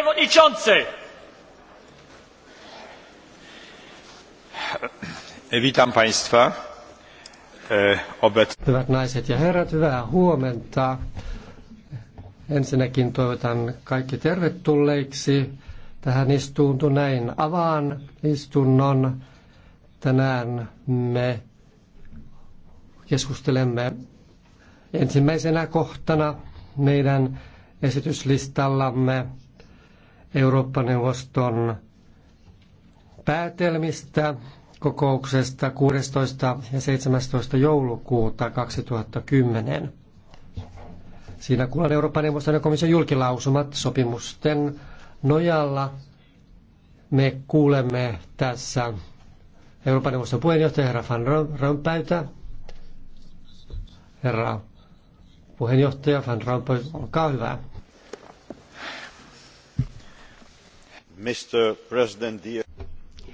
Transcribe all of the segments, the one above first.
przewodniczący! Witam Państwa. E, Hyvät naiset ja herrat, hyvää huomenta. Ensinnäkin toivotan kaikki tervetulleiksi tähän istuntoon. Näin avaan istunnon. Tänään me keskustelemme ensimmäisenä kohtana meidän esityslistallamme Eurooppa-neuvoston päätelmistä kokouksesta 16. ja 17. joulukuuta 2010. Siinä kuullaan Euroopan neuvoston ja komission julkilausumat sopimusten nojalla. Me kuulemme tässä Euroopan neuvoston puheenjohtaja herra Van Rompäytä. Herra puheenjohtaja Van Rompuy, olkaa hyvä.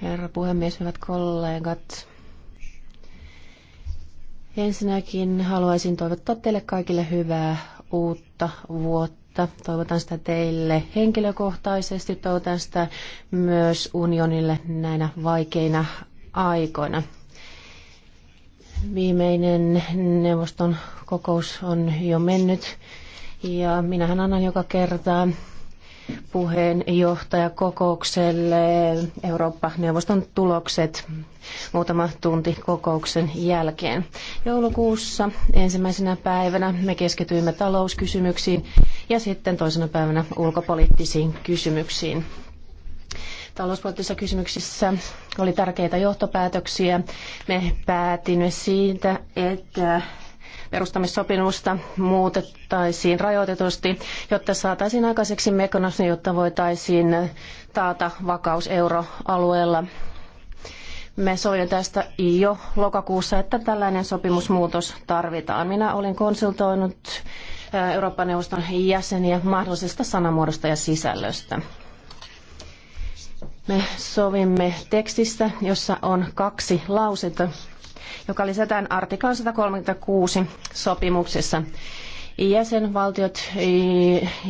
Herra puhemies, hyvät kollegat. Ensinnäkin haluaisin toivottaa teille kaikille hyvää uutta vuotta. Toivotan sitä teille henkilökohtaisesti, toivotan sitä myös unionille näinä vaikeina aikoina. Viimeinen neuvoston kokous on jo mennyt ja minähän annan joka kerta puheenjohtajakokoukselle Eurooppa-neuvoston tulokset muutama tunti kokouksen jälkeen. Joulukuussa ensimmäisenä päivänä me keskityimme talouskysymyksiin ja sitten toisena päivänä ulkopoliittisiin kysymyksiin. Talouspoliittisissa kysymyksissä oli tärkeitä johtopäätöksiä. Me päätimme siitä, että perustamissopimusta muutettaisiin rajoitetusti, jotta saataisiin aikaiseksi mekanismi, jotta voitaisiin taata vakaus euroalueella. Me sovimme tästä jo lokakuussa, että tällainen sopimusmuutos tarvitaan. Minä olin konsultoinut Euroopan neuvoston jäseniä mahdollisesta sanamuodosta ja sisällöstä. Me sovimme tekstistä, jossa on kaksi lausetta, joka lisätään artiklan 136 sopimuksessa. Jäsenvaltiot,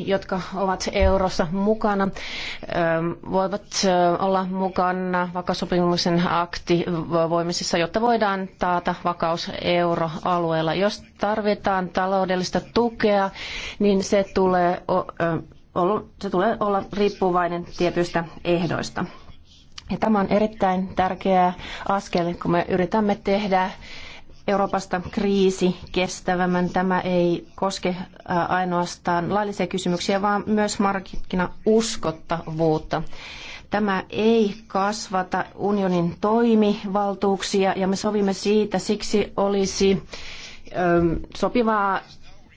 jotka ovat eurossa mukana, ähm, voivat äh, olla mukana vakaussopimuksen aktivoimisessa, jotta voidaan taata vakaus euroalueella. Jos tarvitaan taloudellista tukea, niin se tulee, se tulee olla riippuvainen tietyistä ehdoista. Ja tämä on erittäin tärkeä askel, kun me yritämme tehdä Euroopasta kriisi kestävämmän. Tämä ei koske ainoastaan laillisia kysymyksiä, vaan myös markkinauskottavuutta. Tämä ei kasvata unionin toimivaltuuksia ja me sovimme siitä, siksi olisi sopivaa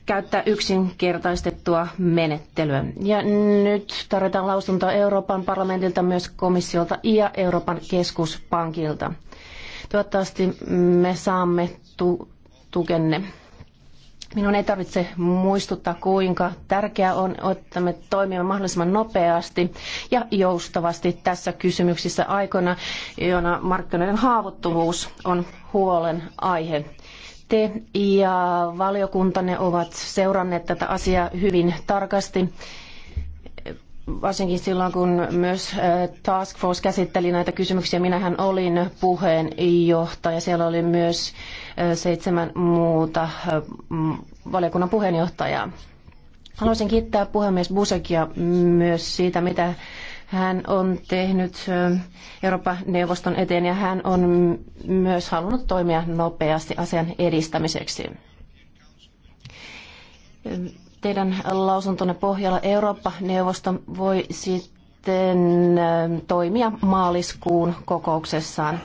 käyttää yksinkertaistettua menettelyä. Ja nyt tarvitaan lausunto Euroopan parlamentilta, myös komissiolta ja Euroopan keskuspankilta. Toivottavasti me saamme tu- tukenne. Minun ei tarvitse muistuttaa, kuinka tärkeää on, että me toimimme mahdollisimman nopeasti ja joustavasti tässä kysymyksissä aikoina, jona markkinoiden haavoittuvuus on huolen aihe. Komite ja valiokuntanne ovat seuranneet tätä asiaa hyvin tarkasti varsinkin silloin, kun myös Task Force käsitteli näitä kysymyksiä. Minähän olin puheenjohtaja. Siellä oli myös seitsemän muuta valiokunnan puheenjohtajaa. Haluaisin kiittää puhemies Busekia myös siitä, mitä hän on tehnyt Euroopan neuvoston eteen ja hän on myös halunnut toimia nopeasti asian edistämiseksi. Teidän lausuntonne pohjalla Eurooppa-neuvosto voi sitten toimia maaliskuun kokouksessaan.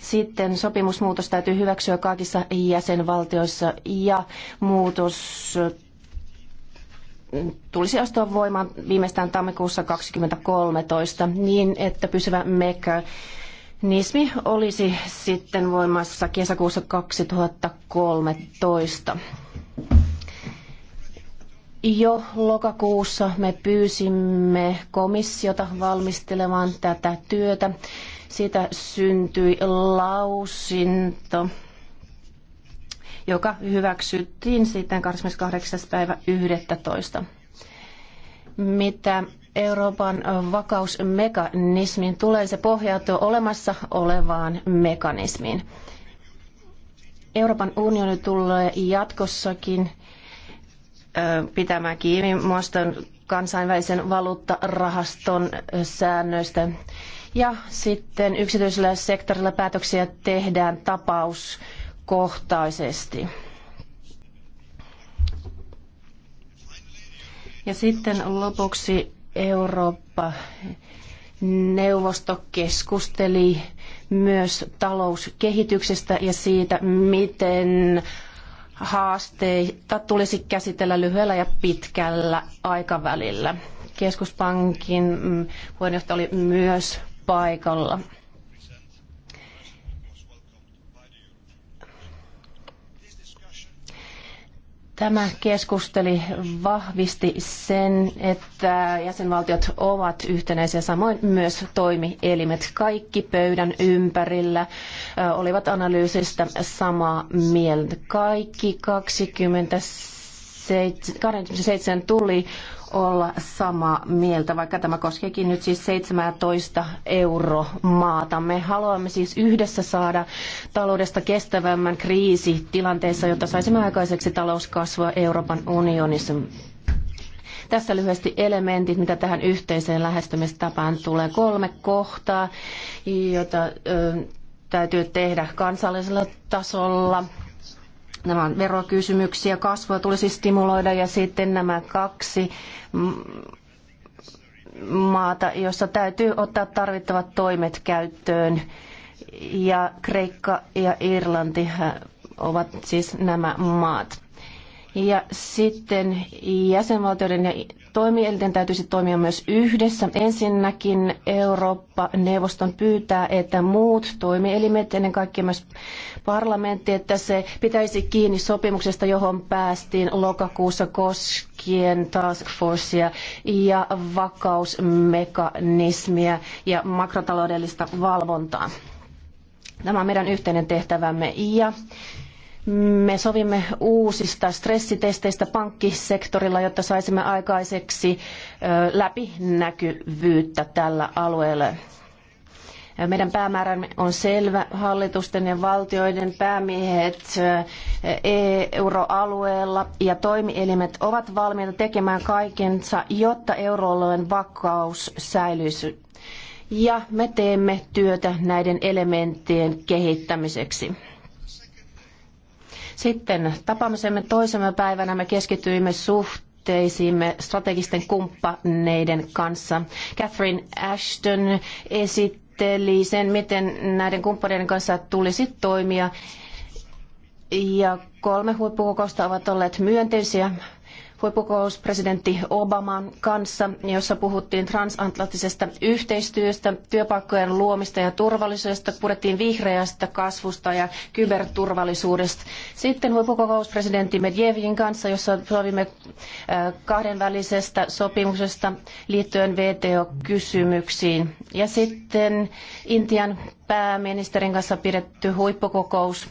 Sitten sopimusmuutos täytyy hyväksyä kaikissa jäsenvaltioissa ja muutos tulisi astua voimaan viimeistään tammikuussa 2013 niin, että pysyvä mekö Nismi olisi sitten voimassa kesäkuussa 2013. Jo lokakuussa me pyysimme komissiota valmistelemaan tätä työtä. Siitä syntyi lausinto joka hyväksyttiin sitten 28. päivä 11. Mitä Euroopan vakausmekanismin tulee, se pohjautuu olemassa olevaan mekanismiin. Euroopan unioni tulee jatkossakin pitämään kiinni muiston kansainvälisen valuuttarahaston säännöistä. Ja sitten yksityisellä sektorilla päätöksiä tehdään tapaus kohtaisesti. Ja sitten lopuksi Eurooppa neuvosto keskusteli myös talouskehityksestä ja siitä, miten haasteita tulisi käsitellä lyhyellä ja pitkällä aikavälillä. Keskuspankin mm, puheenjohtaja oli myös paikalla. Tämä keskusteli vahvisti sen, että jäsenvaltiot ovat yhtenäisiä, samoin myös toimielimet. Kaikki pöydän ympärillä olivat analyysistä samaa mieltä. Kaikki 27 tuli olla samaa mieltä, vaikka tämä koskeekin nyt siis 17 euromaata. Me haluamme siis yhdessä saada taloudesta kestävämmän kriisi tilanteessa, jotta saisimme aikaiseksi talouskasvua Euroopan unionissa. Tässä lyhyesti elementit, mitä tähän yhteiseen lähestymistapaan tulee. Kolme kohtaa, joita täytyy tehdä kansallisella tasolla Nämä on verokysymyksiä, kasvua tulisi stimuloida ja sitten nämä kaksi maata, jossa täytyy ottaa tarvittavat toimet käyttöön. Ja Kreikka ja Irlanti äh, ovat siis nämä maat. Ja sitten jäsenvaltioiden ja Toimielten täytyisi toimia myös yhdessä. Ensinnäkin Eurooppa-neuvoston pyytää, että muut toimielimet, ennen kaikkea myös parlamentti, että se pitäisi kiinni sopimuksesta, johon päästiin lokakuussa koskien task forcea ja vakausmekanismia ja makrotaloudellista valvontaa. Tämä on meidän yhteinen tehtävämme ja me sovimme uusista stressitesteistä pankkisektorilla, jotta saisimme aikaiseksi läpinäkyvyyttä tällä alueella. Meidän päämäärämme on selvä. Hallitusten ja valtioiden päämiehet euroalueella ja toimielimet ovat valmiita tekemään kaikensa, jotta euroalueen vakaus säilyisi. Ja me teemme työtä näiden elementtien kehittämiseksi. Sitten tapaamisemme toisena päivänä me keskityimme suht suhteisiimme strategisten kumppaneiden kanssa. Catherine Ashton esitteli sen, miten näiden kumppaneiden kanssa tulisi toimia. Ja kolme huippukokousta ovat olleet myönteisiä Huippukokous presidentti Obaman kanssa, jossa puhuttiin transatlanttisesta yhteistyöstä, työpaikkojen luomista ja turvallisuudesta, puhuttiin vihreästä kasvusta ja kyberturvallisuudesta. Sitten huippukokous presidentti Medvedevin kanssa, jossa sovimme äh, kahdenvälisestä sopimuksesta liittyen VTO-kysymyksiin. Ja sitten Intian pääministerin kanssa pidetty huippukokous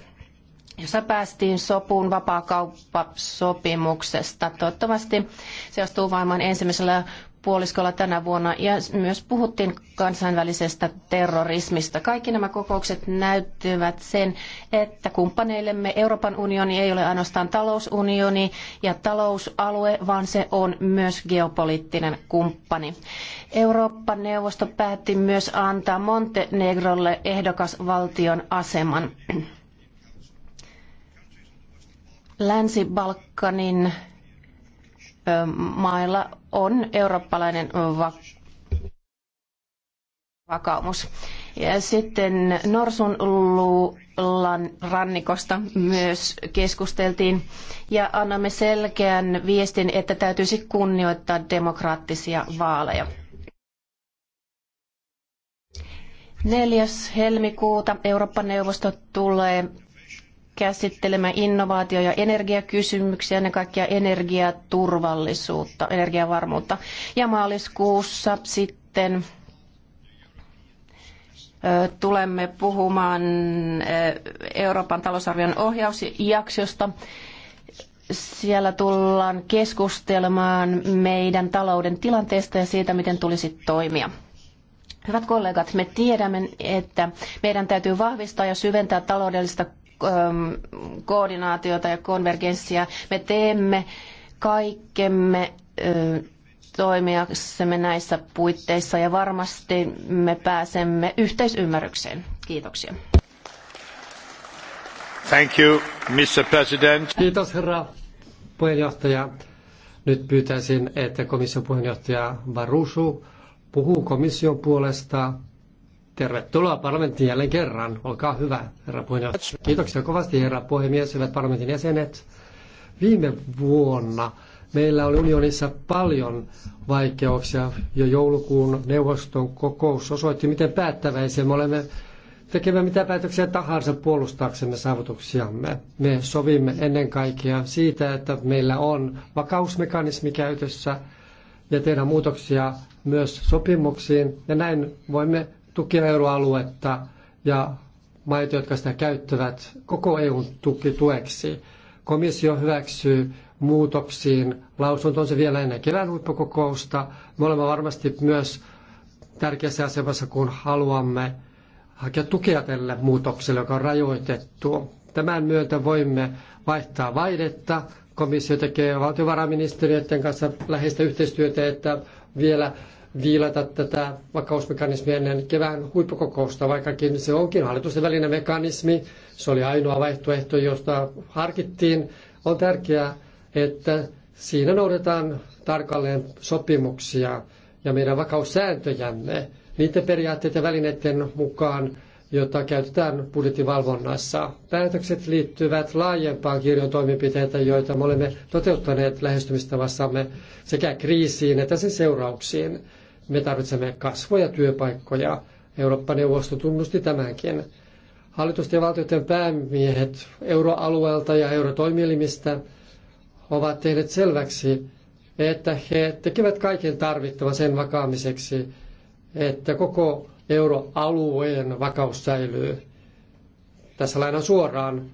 jossa päästiin sopuun vapaakauppasopimuksesta. Toivottavasti se astuu vaimaan ensimmäisellä puoliskolla tänä vuonna ja myös puhuttiin kansainvälisestä terrorismista. Kaikki nämä kokoukset näyttivät sen, että kumppaneillemme Euroopan unioni ei ole ainoastaan talousunioni ja talousalue, vaan se on myös geopoliittinen kumppani. Euroopan neuvosto päätti myös antaa Montenegrolle ehdokasvaltion aseman. Länsi-Balkanin mailla on eurooppalainen vakaumus. Ja sitten Norsunluulan rannikosta myös keskusteltiin ja annamme selkeän viestin, että täytyisi kunnioittaa demokraattisia vaaleja. 4. helmikuuta Eurooppa-neuvosto tulee käsittelemään innovaatio- ja energiakysymyksiä, ennen kaikkea energiaturvallisuutta, energiavarmuutta. Ja maaliskuussa sitten tulemme puhumaan Euroopan talousarvion ohjausjaksosta. Siellä tullaan keskustelemaan meidän talouden tilanteesta ja siitä, miten tulisi toimia. Hyvät kollegat, me tiedämme, että meidän täytyy vahvistaa ja syventää taloudellista Ähm, koordinaatiota ja konvergenssia. Me teemme kaikkemme toimijaksemme näissä puitteissa ja varmasti me pääsemme yhteisymmärrykseen. Kiitoksia. Thank you, Mr. President. Kiitos herra puheenjohtaja. Nyt pyytäisin, että komission puheenjohtaja Varusu puhuu komission puolesta Tervetuloa parlamenttiin jälleen kerran. Olkaa hyvä, herra puheenjohtaja. Kiitoksia kovasti, herra puhemies, hyvät parlamentin jäsenet. Viime vuonna meillä oli unionissa paljon vaikeuksia jo joulukuun neuvoston kokous osoitti, miten päättäväisiä me olemme tekemään mitä päätöksiä tahansa puolustaaksemme saavutuksiamme. Me sovimme ennen kaikkea siitä, että meillä on vakausmekanismi käytössä ja tehdään muutoksia myös sopimuksiin ja näin voimme tukea euroaluetta ja maita, jotka sitä käyttävät koko EUn tuki tueksi. Komissio hyväksyy muutoksiin se vielä ennen kevään huippukokousta. Me olemme varmasti myös tärkeässä asemassa, kun haluamme hakea tukea tälle muutokselle, joka on rajoitettu. Tämän myötä voimme vaihtaa vaihdetta. Komissio tekee valtiovarainministeriöiden kanssa läheistä yhteistyötä, että vielä viilata tätä vakausmekanismia ennen kevään huippukokousta, vaikkakin se onkin hallitusten välinen mekanismi. Se oli ainoa vaihtoehto, josta harkittiin. On tärkeää, että siinä noudetaan tarkalleen sopimuksia ja meidän vakaussääntöjämme niiden periaatteiden ja välineiden mukaan, jota käytetään budjettivalvonnassa. Päätökset liittyvät laajempaan kirjon toimenpiteitä, joita me olemme toteuttaneet lähestymistavassamme sekä kriisiin että sen seurauksiin. Me tarvitsemme kasvoja ja työpaikkoja. Eurooppa-neuvosto tunnusti tämänkin. Hallitusten ja valtioiden päämiehet euroalueelta ja eurotoimielimistä ovat tehneet selväksi, että he tekevät kaiken tarvittavan sen vakaamiseksi, että koko euroalueen vakaus säilyy. Tässä lainaan suoraan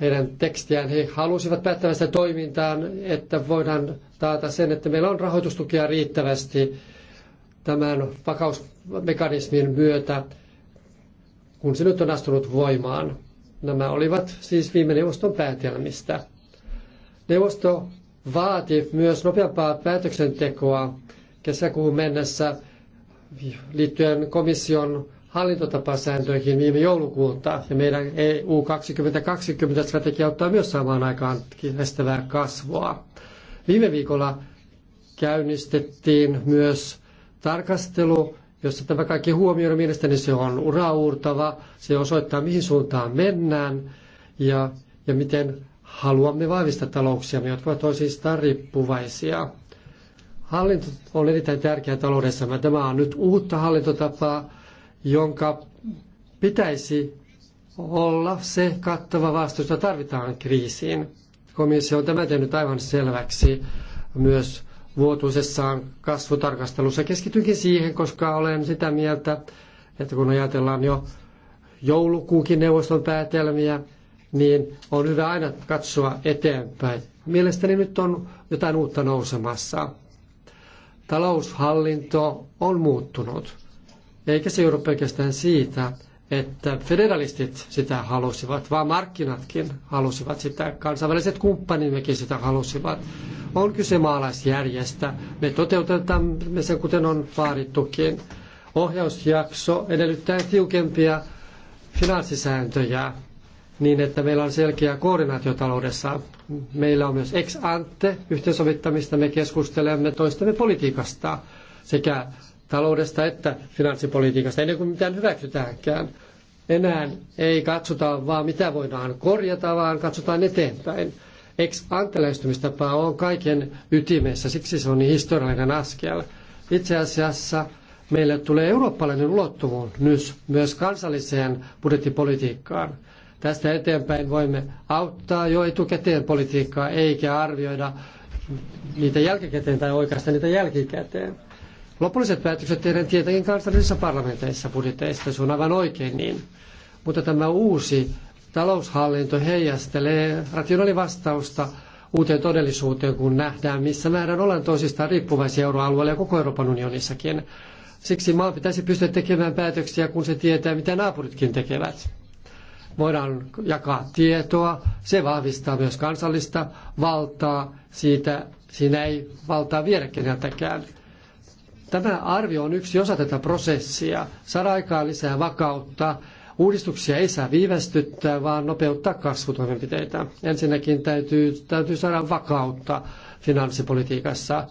heidän tekstiään. He halusivat päättävästä toimintaan, että voidaan taata sen, että meillä on rahoitustukia riittävästi tämän vakausmekanismin myötä, kun se nyt on astunut voimaan. Nämä olivat siis viime neuvoston päätelmistä. Neuvosto vaati myös nopeampaa päätöksentekoa kesäkuun mennessä liittyen komission hallintotapasääntöihin viime joulukuulta. Ja meidän EU 2020-strategia ottaa myös samaan aikaan kestävää kasvua. Viime viikolla käynnistettiin myös tarkastelu, jossa tämä kaikki huomioon, mielestäni se on uraurtava, se osoittaa mihin suuntaan mennään ja, ja miten haluamme vahvistaa talouksiamme, jotka ovat toisistaan riippuvaisia. Hallinto on erittäin tärkeä mutta Tämä on nyt uutta hallintotapaa, jonka pitäisi olla se kattava jota tarvitaan kriisiin. Komissio on tämä tehnyt aivan selväksi myös vuotuisessaan kasvutarkastelussa. Keskitynkin siihen, koska olen sitä mieltä, että kun ajatellaan jo joulukuukin neuvoston päätelmiä, niin on hyvä aina katsoa eteenpäin. Mielestäni nyt on jotain uutta nousemassa. Taloushallinto on muuttunut, eikä se joudu pelkästään siitä, että federalistit sitä halusivat, vaan markkinatkin halusivat sitä, kansainväliset kumppanimmekin sitä halusivat. On kyse maalaisjärjestä. Me toteutamme sen, kuten on vaadittukin. Ohjausjakso edellyttää tiukempia finanssisääntöjä niin, että meillä on selkeä koordinaatio taloudessa. Meillä on myös ex ante yhteensovittamista, me keskustelemme toistemme politiikasta sekä taloudesta että finanssipolitiikasta, ennen kuin mitään hyväksytäänkään. Enää ei katsota vaan mitä voidaan korjata, vaan katsotaan eteenpäin. Ex anteläistymistapa on kaiken ytimessä, siksi se on niin historiallinen askel. Itse asiassa meille tulee eurooppalainen ulottuvuus myös kansalliseen budjettipolitiikkaan. Tästä eteenpäin voimme auttaa jo etukäteen politiikkaa, eikä arvioida niitä jälkikäteen tai oikeastaan niitä jälkikäteen Lopulliset päätökset tehdään tietenkin kansallisissa parlamenteissa budjeteista, se on aivan oikein niin. Mutta tämä uusi taloushallinto heijastelee rationaalivastausta uuteen todellisuuteen, kun nähdään, missä määrän ollaan toisistaan riippuvaisia euroalueella ja koko Euroopan unionissakin. Siksi maa pitäisi pystyä tekemään päätöksiä, kun se tietää, mitä naapuritkin tekevät. Voidaan jakaa tietoa, se vahvistaa myös kansallista valtaa, siitä siinä ei valtaa viedä keneltäkään. Tämä arvio on yksi osa tätä prosessia. Saada aikaa lisää vakautta. Uudistuksia ei saa viivästyttää, vaan nopeuttaa kasvutoimenpiteitä. Ensinnäkin täytyy, täytyy saada vakautta finanssipolitiikassa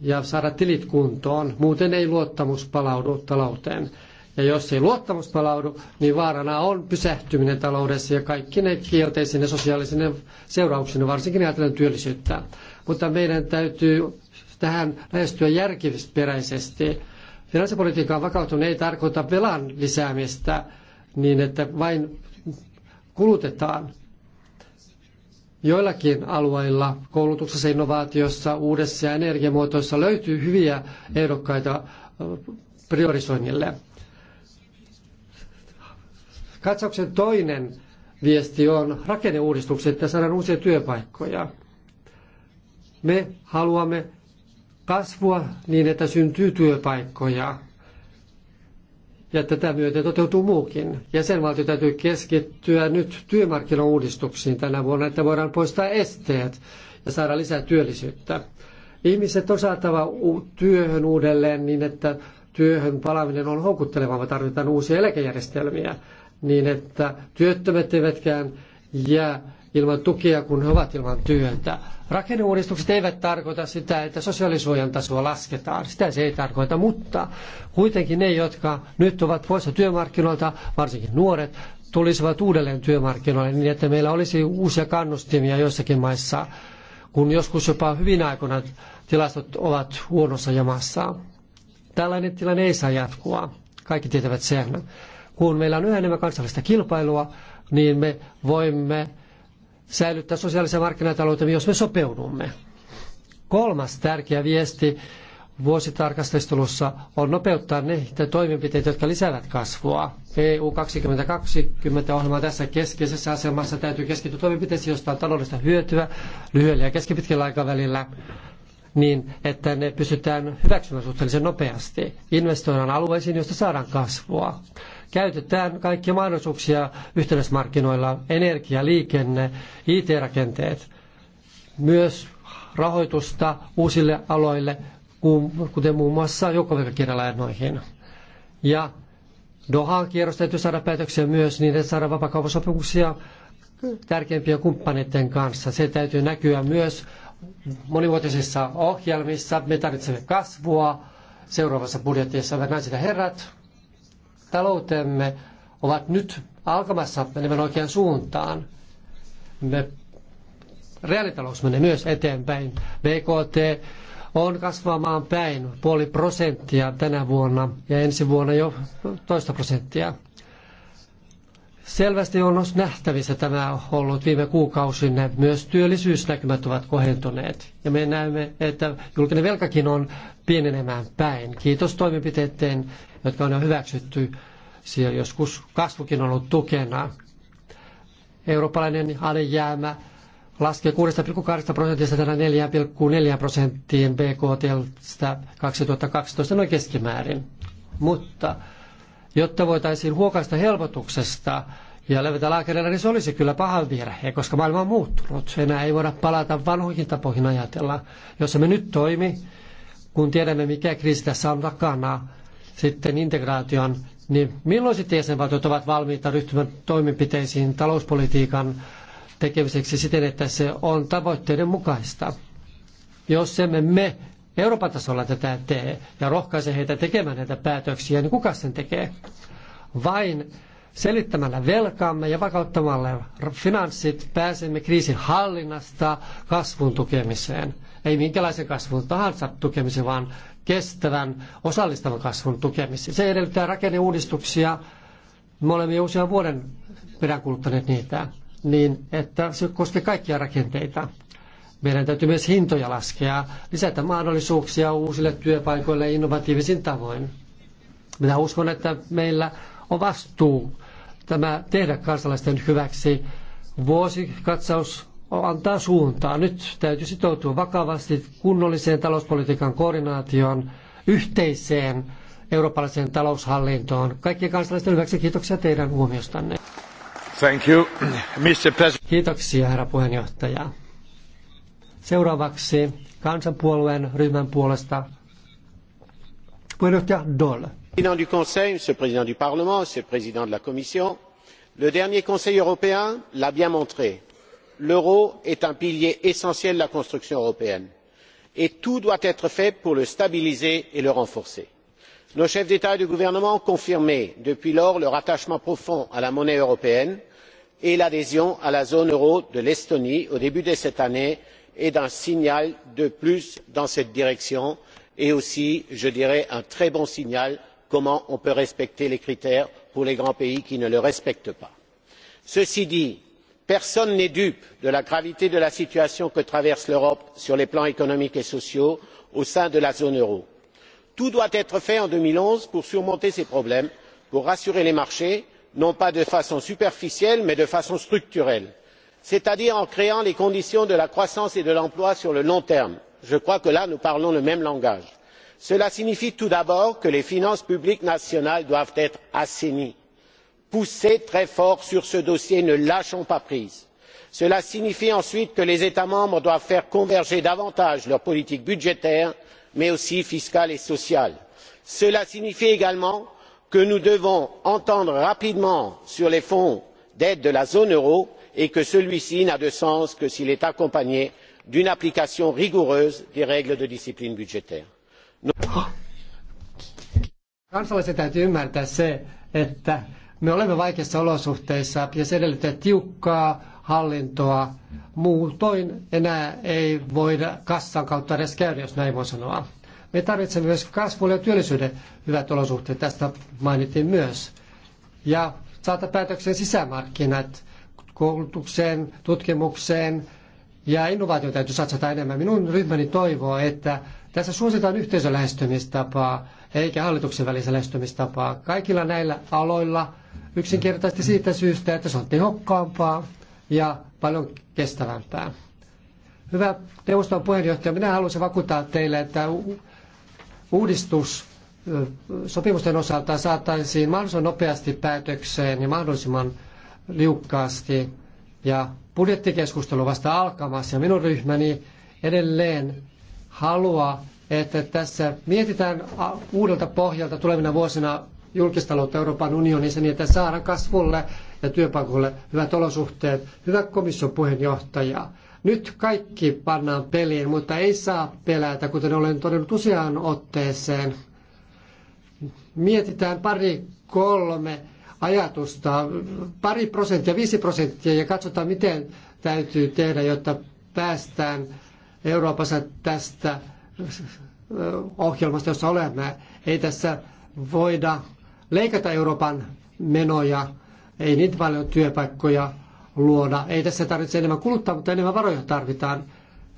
ja saada tilit kuntoon. Muuten ei luottamus palaudu talouteen. Ja jos ei luottamus palaudu, niin vaarana on pysähtyminen taloudessa ja kaikki ne kielteisine sosiaalisine seurauksine, varsinkin ajatellen työllisyyttä. Mutta meidän täytyy tähän lähestyä järkiperäisesti. Finanssipolitiikan vakautuminen ei tarkoita velan lisäämistä niin, että vain kulutetaan. Joillakin alueilla, koulutuksessa, innovaatiossa, uudessa ja energiamuotoissa löytyy hyviä ehdokkaita priorisoinnille. Katsauksen toinen viesti on rakenneuudistukset ja saadaan uusia työpaikkoja. Me haluamme kasvua niin, että syntyy työpaikkoja. Ja tätä myöten toteutuu muukin. Jäsenvaltio täytyy keskittyä nyt työmarkkinauudistuksiin tänä vuonna, että voidaan poistaa esteet ja saada lisää työllisyyttä. Ihmiset on saatava työhön uudelleen niin, että työhön palaaminen on houkuttelevaa. Me tarvitaan uusia eläkejärjestelmiä niin, että työttömät eivätkään jää ilman tukea, kun he ovat ilman työtä. Rakenneuudistukset eivät tarkoita sitä, että sosiaalisuojan tasoa lasketaan. Sitä se ei tarkoita, mutta kuitenkin ne, jotka nyt ovat poissa työmarkkinoilta, varsinkin nuoret, tulisivat uudelleen työmarkkinoille niin, että meillä olisi uusia kannustimia joissakin maissa, kun joskus jopa hyvin aikoina tilastot ovat huonossa jamassa. Tällainen tilanne ei saa jatkua. Kaikki tietävät sen. Kun meillä on yhä enemmän kansallista kilpailua, niin me voimme säilyttää sosiaalisen markkinataloutemme, jos me sopeudumme. Kolmas tärkeä viesti vuositarkastelussa on nopeuttaa niitä toimenpiteitä, jotka lisäävät kasvua. EU 2020 ohjelma tässä keskeisessä asemassa täytyy keskittyä toimenpiteisiin, joista on taloudellista hyötyä lyhyellä ja keskipitkällä aikavälillä niin, että ne pystytään hyväksymään suhteellisen nopeasti. Investoidaan alueisiin, joista saadaan kasvua käytetään kaikkia mahdollisuuksia yhteydessä energia, liikenne, IT-rakenteet, myös rahoitusta uusille aloille, kuten muun muassa joukkovelkakirjalainoihin. Ja Dohaan kierros täytyy saada päätöksiä myös niin, että saadaan vapakauppasopimuksia tärkeimpien kumppaneiden kanssa. Se täytyy näkyä myös monivuotisissa ohjelmissa. Me tarvitsemme kasvua seuraavassa budjetissa. Hyvät naiset ja herrat, taloutemme ovat nyt alkamassa menemään oikeaan suuntaan. Me, reaalitalous menee myös eteenpäin. BKT on kasvamaan päin puoli prosenttia tänä vuonna ja ensi vuonna jo toista prosenttia. Selvästi on nähtävissä tämä ollut viime kuukausina. Myös työllisyysnäkymät ovat kohentuneet. Ja me näemme, että julkinen velkakin on pienenemään päin. Kiitos toimenpiteiden jotka on hyväksytty. Siellä joskus kasvukin on ollut tukena. Eurooppalainen alijäämä laskee 6,8 prosentista tänä 4,4 prosenttiin BKT 2012 noin keskimäärin. Mutta jotta voitaisiin huokaista helpotuksesta ja levätä laakereilla, niin se olisi kyllä paha virhe, koska maailma on muuttunut. Enää ei voida palata vanhoihin tapoihin ajatella. Jos me nyt toimi, kun tiedämme mikä kriisi tässä on takana, sitten integraation, niin milloin sitten jäsenvaltiot ovat valmiita ryhtymään toimenpiteisiin talouspolitiikan tekemiseksi siten, että se on tavoitteiden mukaista? Jos emme me Euroopan tasolla tätä tee ja rohkaise heitä tekemään näitä päätöksiä, niin kuka sen tekee? Vain selittämällä velkaamme ja vakauttamalla finanssit pääsemme kriisin hallinnasta kasvun tukemiseen. Ei minkälaisen kasvun tahansa tukemiseen, vaan kestävän osallistavan kasvun tukemiseen. Se edellyttää rakenneuudistuksia. Me olemme jo usean vuoden peräänkuluttaneet niitä, niin että se koskee kaikkia rakenteita. Meidän täytyy myös hintoja laskea, lisätä mahdollisuuksia uusille työpaikoille innovatiivisin tavoin. Minä uskon, että meillä on vastuu tämä tehdä kansalaisten hyväksi. Vuosikatsaus antaa suuntaa. Nyt täytyy sitoutua vakavasti kunnolliseen talouspolitiikan koordinaatioon, yhteiseen eurooppalaiseen taloushallintoon. Kaikkien kansalaisten hyväksi kiitoksia teidän huomiostanne. Thank you, Mr. President. Kiitoksia, herra puheenjohtaja. Seuraavaksi kansanpuolueen ryhmän puolesta puheenjohtaja Doll. Président du Conseil, Monsieur le Président du Parlement, Monsieur le Président de la Commission, le dernier Conseil européen l'a bien montré l'euro est un pilier essentiel de la construction européenne et tout doit être fait pour le stabiliser et le renforcer. nos chefs d'état et de gouvernement ont confirmé depuis lors leur attachement profond à la monnaie européenne et l'adhésion à la zone euro de l'estonie au début de cette année est un signal de plus dans cette direction et aussi je dirais un très bon signal comment on peut respecter les critères pour les grands pays qui ne les respectent pas. ceci dit personne n'est dupe de la gravité de la situation que traverse l'europe sur les plans économique et social au sein de la zone euro. tout doit être fait en deux mille onze pour surmonter ces problèmes pour rassurer les marchés non pas de façon superficielle mais de façon structurelle c'est à dire en créant les conditions de la croissance et de l'emploi sur le long terme je crois que là nous parlons le même langage. cela signifie tout d'abord que les finances publiques nationales doivent être assainies poussez très fort sur ce dossier ne lâchons pas prise. cela signifie ensuite que les états membres doivent faire converger davantage leurs politiques budgétaires mais aussi fiscales et sociales. cela signifie également que nous devons entendre rapidement sur les fonds d'aide de la zone euro et que celui ci n'a de sens que s'il est accompagné d'une application rigoureuse des règles de discipline budgétaire. Me olemme vaikeissa olosuhteissa ja se edellyttää tiukkaa hallintoa. Muutoin enää ei voida kassan kautta edes käydä, jos näin voi sanoa. Me tarvitsemme myös kasvulle ja työllisyyden hyvät olosuhteet, tästä mainittiin myös. Ja saata päätökseen sisämarkkinat koulutukseen, tutkimukseen ja innovaatioon täytyy satsata enemmän. Minun ryhmäni toivoo, että tässä suositaan yhteisölähestymistapaa eikä hallituksen välistä lähestymistapaa. Kaikilla näillä aloilla – yksinkertaisesti siitä syystä, että se on tehokkaampaa ja paljon kestävämpää. Hyvä neuvoston puheenjohtaja, minä haluaisin vakuuttaa teille, että uudistus sopimusten osalta saataisiin mahdollisimman nopeasti päätökseen ja mahdollisimman liukkaasti. Ja budjettikeskustelu vasta alkamassa ja minun ryhmäni edelleen haluaa, että tässä mietitään uudelta pohjalta tulevina vuosina julkistaloutta Euroopan unionissa niin, että saadaan kasvulle ja työpaikoille hyvät olosuhteet. Hyvä komission puheenjohtaja. Nyt kaikki pannaan peliin, mutta ei saa pelätä, kuten olen todennut useaan otteeseen. Mietitään pari kolme ajatusta, pari prosenttia, viisi prosenttia ja katsotaan, miten täytyy tehdä, jotta päästään Euroopassa tästä ohjelmasta, jossa olemme. Ei tässä voida leikata Euroopan menoja, ei niin paljon työpaikkoja luoda. Ei tässä tarvitse enemmän kuluttaa, mutta enemmän varoja tarvitaan.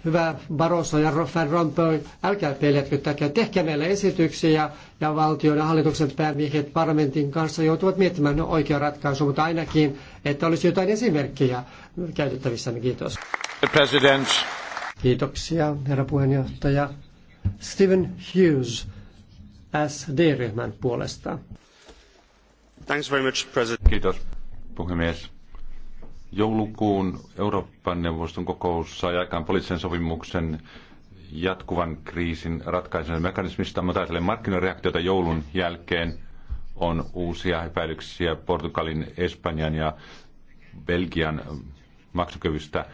Hyvä Barroso ja Van Rompuy, älkää peljätkö takia. Tehkää meille esityksiä ja valtion ja hallituksen päämiehet parlamentin kanssa joutuvat miettimään no, oikea ratkaisu, mutta ainakin, että olisi jotain esimerkkiä käytettävissä. Kiitos. President. Kiitoksia, herra puheenjohtaja. Stephen Hughes, SD-ryhmän puolesta. Thanks Kiitos, puhemies. Joulukuun Euroopan neuvoston kokous sai aikaan poliittisen sopimuksen jatkuvan kriisin ratkaisemisen mekanismista, mutta ajatellen markkinareaktioita joulun jälkeen on uusia epäilyksiä Portugalin, Espanjan ja Belgian maksukyvystä.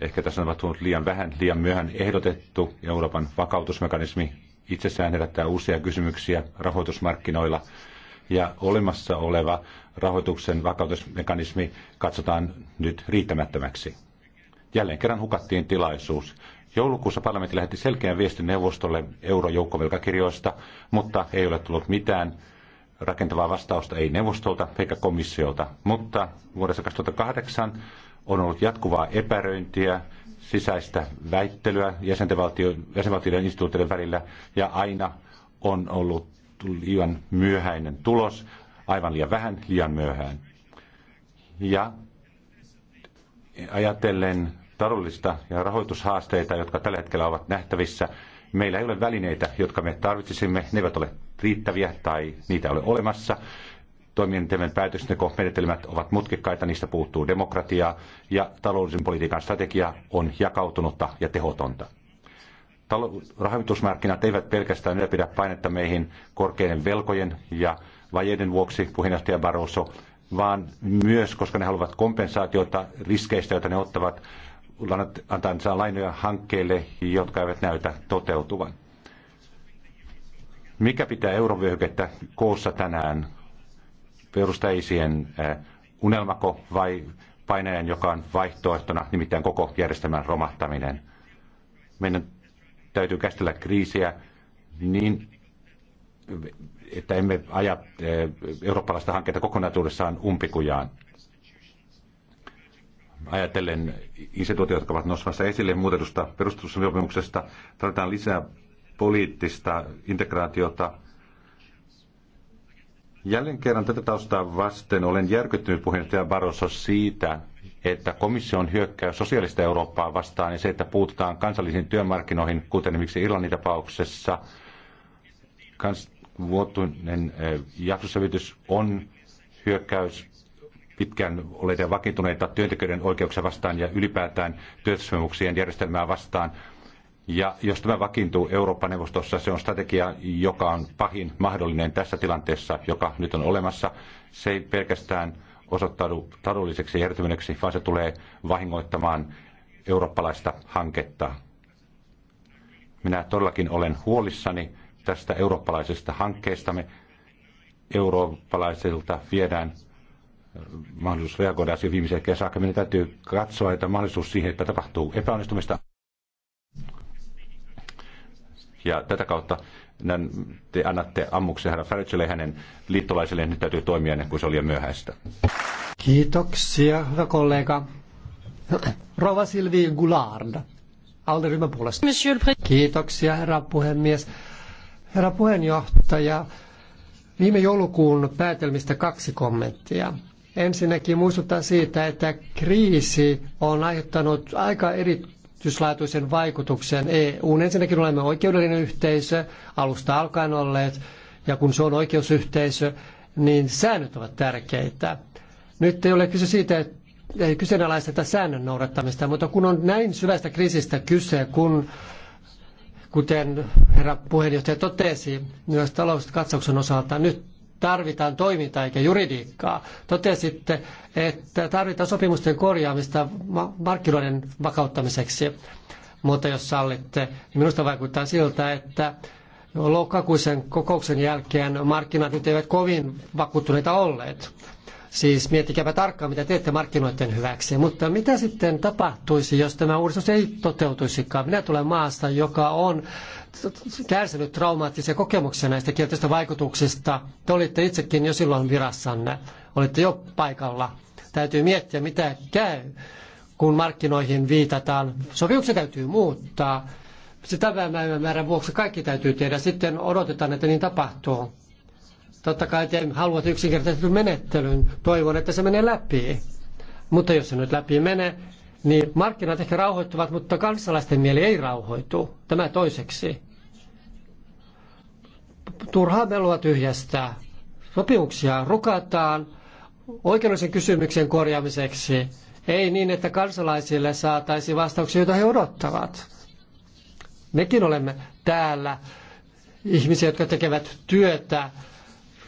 Ehkä tässä on tullut liian vähän, liian myöhään ehdotettu Euroopan vakautusmekanismi itsessään herättää uusia kysymyksiä rahoitusmarkkinoilla ja olemassa oleva rahoituksen vakautusmekanismi katsotaan nyt riittämättömäksi. Jälleen kerran hukattiin tilaisuus. Joulukuussa parlamentti lähetti selkeän viestin neuvostolle eurojoukkovelkakirjoista, mutta ei ole tullut mitään rakentavaa vastausta ei neuvostolta eikä komissiolta. Mutta vuodessa 2008 on ollut jatkuvaa epäröintiä, sisäistä väittelyä jäsenvaltioiden instituutioiden välillä ja aina on ollut liian myöhäinen tulos, aivan liian vähän, liian myöhään. Ja ajatellen taloudellista ja rahoitushaasteita, jotka tällä hetkellä ovat nähtävissä, meillä ei ole välineitä, jotka me tarvitsisimme, ne eivät ole riittäviä tai niitä ei ole olemassa. Toimintemme päätöksentekomenetelmät ovat mutkikkaita, niistä puuttuu demokratiaa ja taloudellisen politiikan strategia on jakautunutta ja tehotonta rahoitusmarkkinat eivät pelkästään ylläpidä painetta meihin korkeiden velkojen ja vajeiden vuoksi, puheenjohtaja Barroso, vaan myös, koska ne haluavat kompensaatiota riskeistä, joita ne ottavat, antaa lainoja hankkeille, jotka eivät näytä toteutuvan. Mikä pitää eurovyöhykettä koossa tänään? perusteisien eh, unelmako vai painajan, joka on vaihtoehtona, nimittäin koko järjestelmän romahtaminen? Meidän täytyy käsitellä kriisiä niin, että emme aja eh, eurooppalaista hanketta kokonaisuudessaan umpikujaan. Ajatellen instituutioita, jotka ovat nostamassa esille muutetusta perustuslakisopimuksesta, tarvitaan lisää poliittista integraatiota. Jälleen kerran tätä taustaa vasten olen järkyttynyt puheenjohtaja Barroso siitä, että komission hyökkäys sosiaalista Eurooppaa vastaan ja se, että puututaan kansallisiin työmarkkinoihin, kuten esimerkiksi Irlannin tapauksessa, kans, vuotuinen eh, jaksosävitys on hyökkäys pitkään olleiden vakiintuneita työntekijöiden oikeuksia vastaan ja ylipäätään työsopimuksien järjestelmää vastaan. Ja jos tämä vakiintuu Euroopan neuvostossa, se on strategia, joka on pahin mahdollinen tässä tilanteessa, joka nyt on olemassa. Se ei pelkästään osoittaudu tarulliseksi järjettömyydeksi, vaan se tulee vahingoittamaan eurooppalaista hanketta. Minä todellakin olen huolissani tästä eurooppalaisesta hankkeestamme. Eurooppalaisilta viedään mahdollisuus reagoida asioihin viimeiseen saakka Meidän täytyy katsoa, että mahdollisuus siihen, että tapahtuu epäonnistumista. Ja tätä kautta te annatte ammuksen herra Faragelle hänen liittolaiselleen, niin nyt täytyy toimia ennen kuin se oli jo myöhäistä. Kiitoksia, hyvä kollega. Rova Silvi Goulard, alderyhmän puolesta. Kiitoksia, herra puhemies. Herra puheenjohtaja, viime joulukuun päätelmistä kaksi kommenttia. Ensinnäkin muistuttaa siitä, että kriisi on aiheuttanut aika eri perustavanlaatuisen vaikutuksen EUn. Ensinnäkin olemme oikeudellinen yhteisö, alusta alkaen olleet, ja kun se on oikeusyhteisö, niin säännöt ovat tärkeitä. Nyt ei ole kyse siitä, että ei kyseenalaisteta säännön noudattamista, mutta kun on näin syvästä kriisistä kyse, kun kuten herra puheenjohtaja totesi, myös talouskatsauksen osalta nyt tarvitaan toimintaa eikä juridiikkaa. Totesitte, että tarvitaan sopimusten korjaamista markkinoiden vakauttamiseksi. Mutta jos sallitte, niin minusta vaikuttaa siltä, että lokakuisen kokouksen jälkeen markkinat nyt eivät kovin vakuuttuneita olleet. Siis miettikääpä tarkkaan, mitä teette markkinoiden hyväksi. Mutta mitä sitten tapahtuisi, jos tämä uudistus ei toteutuisikaan? Minä tulen maasta, joka on kärsinyt traumaattisia kokemuksia näistä kielteistä vaikutuksista. Te olitte itsekin jo silloin virassanne, olitte jo paikalla. Täytyy miettiä, mitä käy, kun markkinoihin viitataan. Sopimuksia täytyy muuttaa. Sitä määrän vuoksi kaikki täytyy tehdä. Sitten odotetaan, että niin tapahtuu Totta kai te haluat yksinkertaistetun menettelyn. Toivon, että se menee läpi. Mutta jos se nyt läpi menee, niin markkinat ehkä rauhoittuvat, mutta kansalaisten mieli ei rauhoitu. Tämä toiseksi. Turhaa melua tyhjästä. Sopimuksia rukataan oikeudellisen kysymyksen korjaamiseksi. Ei niin, että kansalaisille saataisiin vastauksia, joita he odottavat. Mekin olemme täällä ihmisiä, jotka tekevät työtä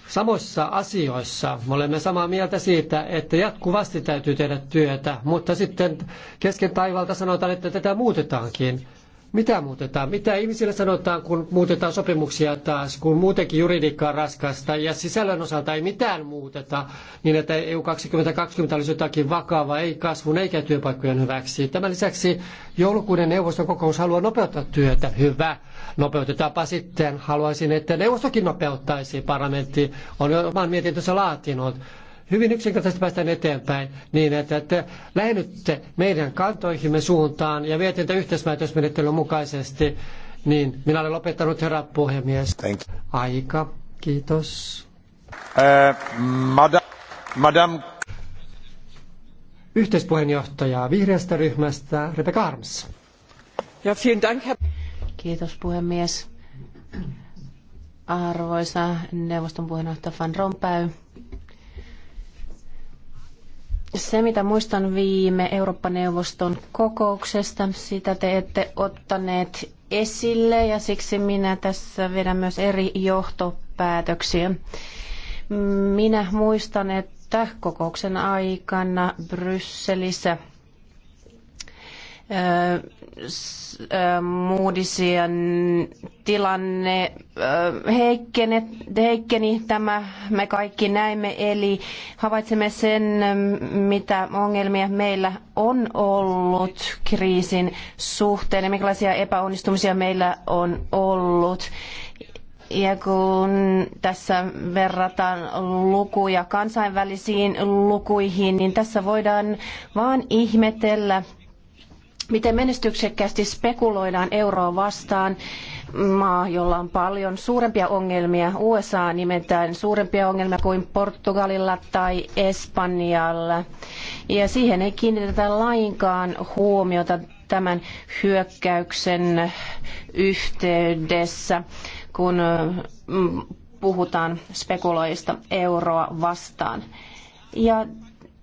samoissa asioissa. Me olemme samaa mieltä siitä, että jatkuvasti täytyy tehdä työtä, mutta sitten kesken taivalta sanotaan, että tätä muutetaankin. Mitä muutetaan? Mitä ihmisille sanotaan, kun muutetaan sopimuksia taas, kun muutenkin juridiikka on raskasta ja sisällön osalta ei mitään muuteta, niin että EU 2020 olisi jotakin vakavaa, ei kasvun eikä työpaikkojen hyväksi. Tämän lisäksi joulukuuden neuvoston kokous haluaa nopeuttaa työtä. Hyvä. Nopeutetaanpa sitten. Haluaisin, että neuvostokin nopeuttaisi. Parlamentti on jo oman mietintönsä laatinut. Hyvin yksinkertaisesti päästään eteenpäin niin, että, että lähennytte meidän kantoihimme suuntaan ja vietintä yhteismäätösmenettelyn mukaisesti. Niin, minä olen lopettanut herra puhemies. Aika, kiitos. Äh, madam, madam yhteispuheenjohtajaa vihreästä ryhmästä Rebecca Arms. Ja, vielen Dank, Herr... Kiitos puhemies. Arvoisa neuvoston puheenjohtaja Van Rompuy. Se, mitä muistan viime Eurooppa-neuvoston kokouksesta, sitä te ette ottaneet esille ja siksi minä tässä vedän myös eri johtopäätöksiä. Minä muistan, että kokouksen aikana Brysselissä Moodysian tilanne heikkeni, heikkeni, tämä me kaikki näimme, eli havaitsemme sen, mitä ongelmia meillä on ollut kriisin suhteen ja minkälaisia epäonnistumisia meillä on ollut. Ja kun tässä verrataan lukuja kansainvälisiin lukuihin, niin tässä voidaan vaan ihmetellä, miten menestyksekkäästi spekuloidaan euroa vastaan. Maa, jolla on paljon suurempia ongelmia, USA nimetään suurempia ongelmia kuin Portugalilla tai Espanjalla. Ja siihen ei kiinnitetä lainkaan huomiota tämän hyökkäyksen yhteydessä, kun mm, puhutaan spekuloista euroa vastaan. Ja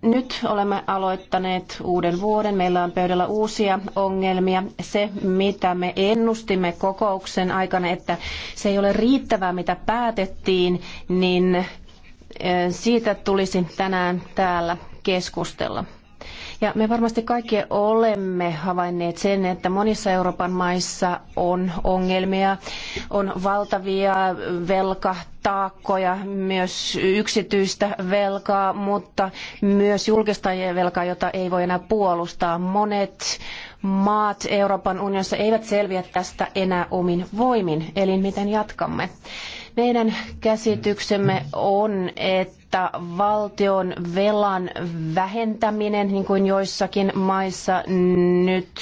nyt olemme aloittaneet uuden vuoden. Meillä on pöydällä uusia ongelmia. Se, mitä me ennustimme kokouksen aikana, että se ei ole riittävää, mitä päätettiin, niin eh, siitä tulisi tänään täällä keskustella. Ja me varmasti kaikki olemme havainneet sen, että monissa Euroopan maissa on ongelmia, on valtavia velkataakkoja, myös yksityistä velkaa, mutta myös julkista velkaa, jota ei voi enää puolustaa. Monet maat Euroopan unionissa eivät selviä tästä enää omin voimin, eli miten jatkamme. Meidän käsityksemme on, että että valtion velan vähentäminen, niin kuin joissakin maissa nyt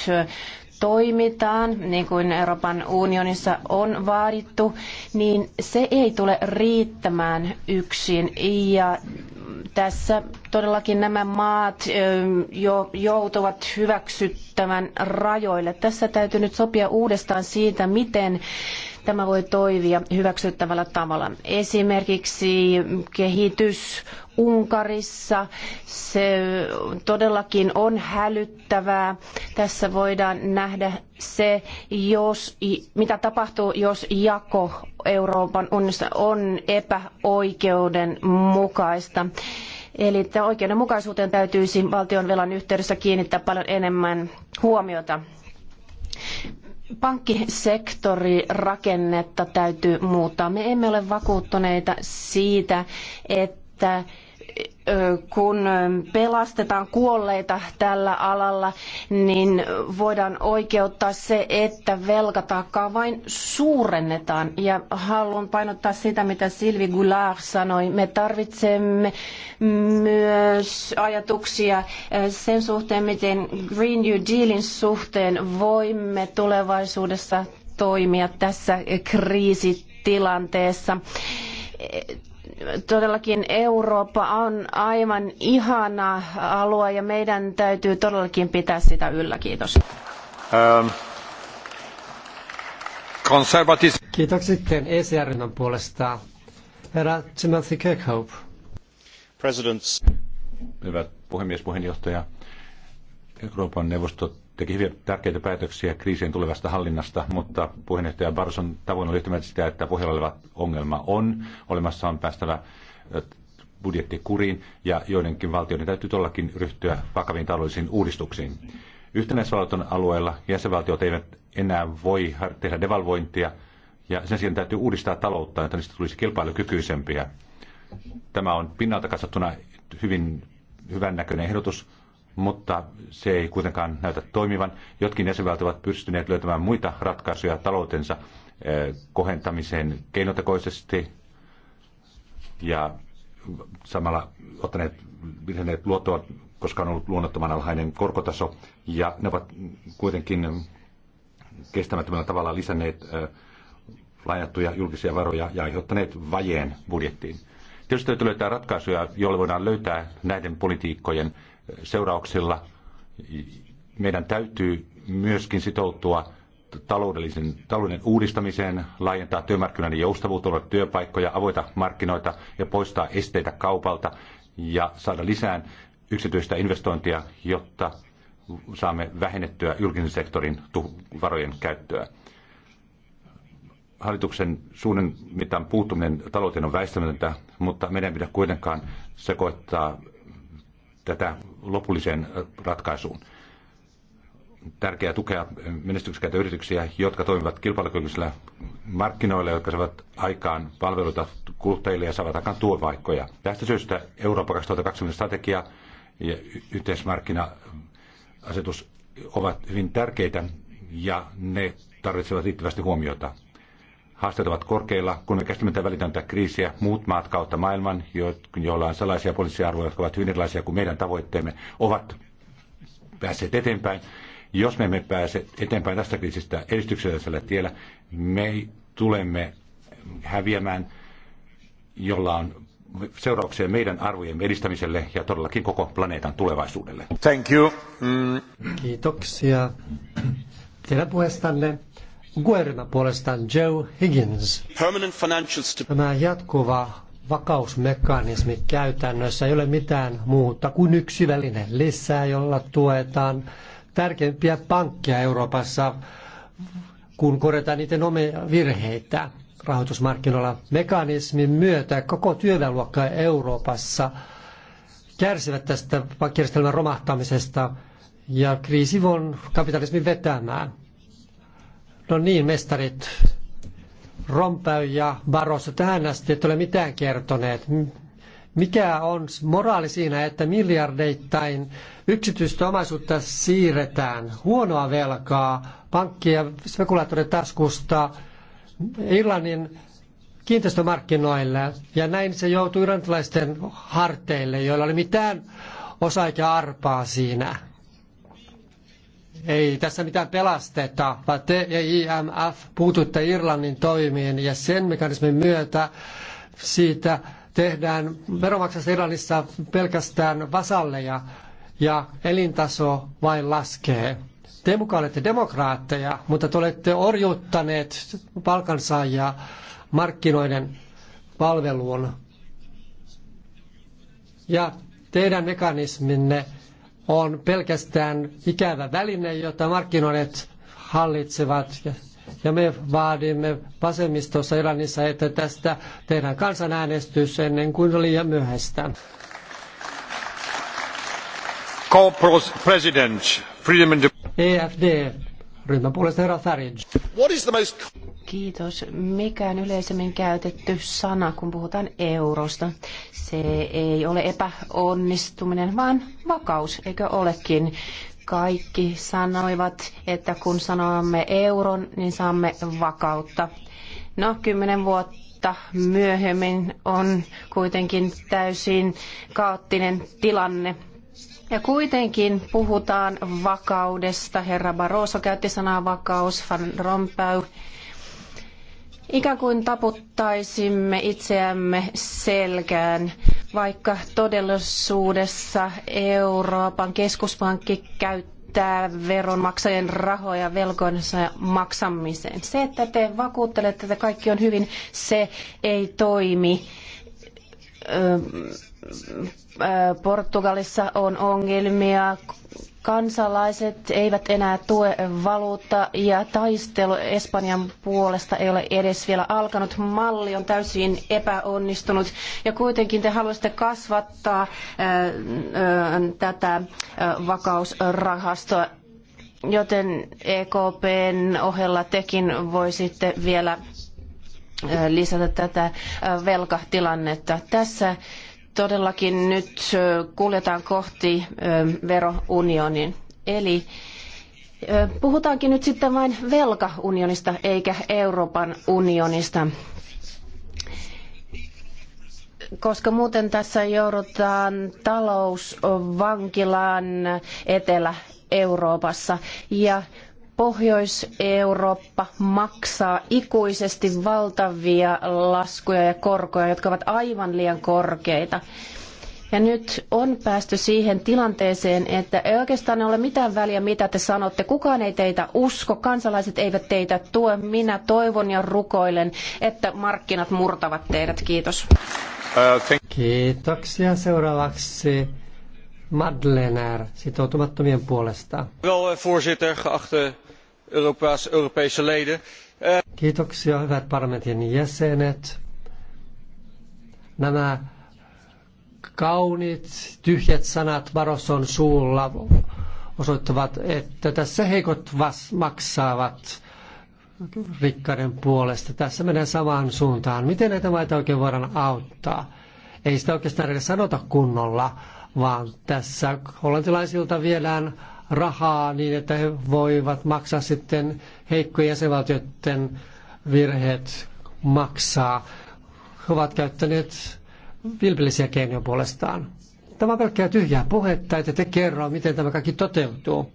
toimitaan, niin kuin Euroopan unionissa on vaadittu, niin se ei tule riittämään yksin. Ja tässä todellakin nämä maat jo joutuvat hyväksyttävän rajoille. Tässä täytyy nyt sopia uudestaan siitä, miten tämä voi toivia hyväksyttävällä tavalla. Esimerkiksi kehitys Unkarissa. Se todellakin on hälyttävää. Tässä voidaan nähdä se, jos, mitä tapahtuu, jos jako Euroopan unionissa on epäoikeudenmukaista. Eli oikeudenmukaisuuteen täytyisi valtion velan yhteydessä kiinnittää paljon enemmän huomiota pankkisektorirakennetta täytyy muuttaa. Me emme ole vakuuttuneita siitä, että kun pelastetaan kuolleita tällä alalla, niin voidaan oikeuttaa se, että velkataakkaa vain suurennetaan. Ja haluan painottaa sitä, mitä Silvi Goulart sanoi. Me tarvitsemme myös ajatuksia sen suhteen, miten Green New Dealin suhteen voimme tulevaisuudessa toimia tässä kriisitilanteessa Todellakin Eurooppa on aivan ihana alue ja meidän täytyy todellakin pitää sitä yllä. Kiitos. Ähm. Konservatis... Kiitos sitten ECR-ryhmän puolesta. Herra Timothy Kirkhope. Presidents. Hyvä puhemies, puheenjohtaja. Euroopan neuvosto teki hyvin tärkeitä päätöksiä kriisien tulevasta hallinnasta, mutta puheenjohtaja Barson tavoin oli yhtymään sitä, että pohjalla oleva ongelma on. Olemassa on päästävä budjettikuriin ja joidenkin valtioiden täytyy tuollakin ryhtyä vakaviin taloudellisiin uudistuksiin. Yhtenäisvaltion alueella jäsenvaltiot eivät enää voi tehdä devalvointia ja sen sijaan täytyy uudistaa taloutta, että niistä tulisi kilpailukykyisempiä. Tämä on pinnalta katsottuna hyvin hyvän näköinen ehdotus, mutta se ei kuitenkaan näytä toimivan. Jotkin jäsenvaltiot ovat pystyneet löytämään muita ratkaisuja taloutensa eh, kohentamiseen keinotekoisesti ja samalla ottaneet lisänneet luottoa, koska on ollut luonnottoman alhainen korkotaso, ja ne ovat kuitenkin kestämättömällä tavalla lisänneet eh, lainattuja julkisia varoja ja aiheuttaneet vajeen budjettiin. Tietysti täytyy löytää ratkaisuja, joilla voidaan löytää näiden politiikkojen seurauksilla. Meidän täytyy myöskin sitoutua taloudellisen, talouden uudistamiseen, laajentaa työmarkkinoiden joustavuutta, luoda työpaikkoja, avoita markkinoita ja poistaa esteitä kaupalta ja saada lisää yksityistä investointia, jotta saamme vähennettyä julkisen sektorin varojen käyttöä. Hallituksen suunnan mitan puuttuminen talouteen on väistämätöntä, mutta meidän ei pidä kuitenkaan sekoittaa tätä lopulliseen ratkaisuun. Tärkeää tukea menestyksekäitä yrityksiä, jotka toimivat kilpailukykyisillä markkinoilla, jotka saavat aikaan palveluita kuluttajille ja saavat aikaan tuovaikkoja. Tästä syystä Eurooppa 2020 strategia ja yhteismarkkina-asetus ovat hyvin tärkeitä ja ne tarvitsevat riittävästi huomiota. Haasteet ovat korkeilla, kun me käsitämme tätä välitöntä kriisiä. Muut maat kautta maailman, joilla on sellaisia poliittisia jotka ovat hyvin erilaisia kuin meidän tavoitteemme, ovat päässeet eteenpäin. Jos me emme pääse eteenpäin tästä kriisistä edistyksellisellä tiellä, me tulemme häviämään, jolla on seurauksia meidän arvojen edistämiselle ja todellakin koko planeetan tulevaisuudelle. Thank you. Mm. Kiitoksia teidän puheestanne. Guerna puolestaan Joe Higgins. Permanent financial Tämä jatkuva vakausmekanismi käytännössä ei ole mitään muuta kuin yksi väline lisää, jolla tuetaan tärkeimpiä pankkeja Euroopassa, kun korjataan niiden omia virheitä rahoitusmarkkinoilla. Mekanismin myötä koko työväenluokka Euroopassa kärsivät tästä pankkijärjestelmän romahtamisesta ja kriisi on kapitalismin vetämään. No niin, mestarit Rompäy ja Barossa tähän asti et ole mitään kertoneet. Mikä on moraali siinä, että miljardeittain yksityistä omaisuutta siirretään, huonoa velkaa, pankkia spekulaattorin taskusta Irlannin kiinteistömarkkinoille ja näin se joutui irlantilaisten harteille, joilla oli mitään osa arpaa siinä. Ei tässä mitään pelasteta, vaan te ja IMF puututte Irlannin toimiin ja sen mekanismin myötä siitä tehdään veromaksassa Irlannissa pelkästään vasalleja ja elintaso vain laskee. Te mukaan olette demokraatteja, mutta te olette orjuuttaneet palkansaajia markkinoiden palveluun. Ja teidän mekanisminne on pelkästään ikävä väline, jota markkinoidet hallitsevat. Ja me vaadimme vasemmistossa Iranissa, että tästä tehdään kansanäänestys ennen kuin oli liian myöhäistä. EFD Ryhmän puolesta herra Farage. What is the most... Kiitos. Mikä on yleisemmin käytetty sana, kun puhutaan eurosta? Se ei ole epäonnistuminen, vaan vakaus, eikö olekin? Kaikki sanoivat, että kun sanomme euron, niin saamme vakautta. No, kymmenen vuotta myöhemmin on kuitenkin täysin kaoottinen tilanne ja kuitenkin puhutaan vakaudesta. Herra Barroso käytti sanaa vakaus, Van Rompuy. Ikään kuin taputtaisimme itseämme selkään, vaikka todellisuudessa Euroopan keskuspankki käyttää veronmaksajien rahoja velkoinsa maksamiseen. Se, että te vakuuttelette, että kaikki on hyvin, se ei toimi Portugalissa on ongelmia, kansalaiset eivät enää tue valuutta ja taistelu Espanjan puolesta ei ole edes vielä alkanut. Malli on täysin epäonnistunut ja kuitenkin te haluaisitte kasvattaa tätä vakausrahastoa, joten EKPn ohella tekin voisitte vielä Äh, lisätä tätä äh, velkatilannetta. Tässä todellakin nyt äh, kuljetaan kohti verounionin. Eli puhutaankin nyt sitten vain velkaunionista eikä Euroopan unionista koska muuten tässä joudutaan talousvankilaan Etelä-Euroopassa. Ja Pohjois-Eurooppa maksaa ikuisesti valtavia laskuja ja korkoja, jotka ovat aivan liian korkeita. Ja nyt on päästy siihen tilanteeseen, että ei oikeastaan ole mitään väliä, mitä te sanotte. Kukaan ei teitä usko, kansalaiset eivät teitä tue. Minä toivon ja rukoilen, että markkinat murtavat teidät. Kiitos. Uh, Kiitoksia. Seuraavaksi Madlenaar sitoutumattomien puolesta. Eh, voorzitter, geachte Europese leden. Eh, Kiitoksia, hyvät parlamentin jäsenet. Nämä kauniit, tyhjät sanat Barroson suulla osoittavat, että tässä heikot vas- maksavat rikkaiden puolesta. Tässä mennään samaan suuntaan. Miten näitä maita oikein voidaan auttaa? Ei sitä oikeastaan edes sanota kunnolla vaan tässä hollantilaisilta viedään rahaa niin, että he voivat maksaa sitten heikkojen jäsenvaltioiden virheet maksaa. He ovat käyttäneet vilpillisiä keinoja puolestaan. Tämä on pelkkää tyhjää puhetta, että te kerro, miten tämä kaikki toteutuu.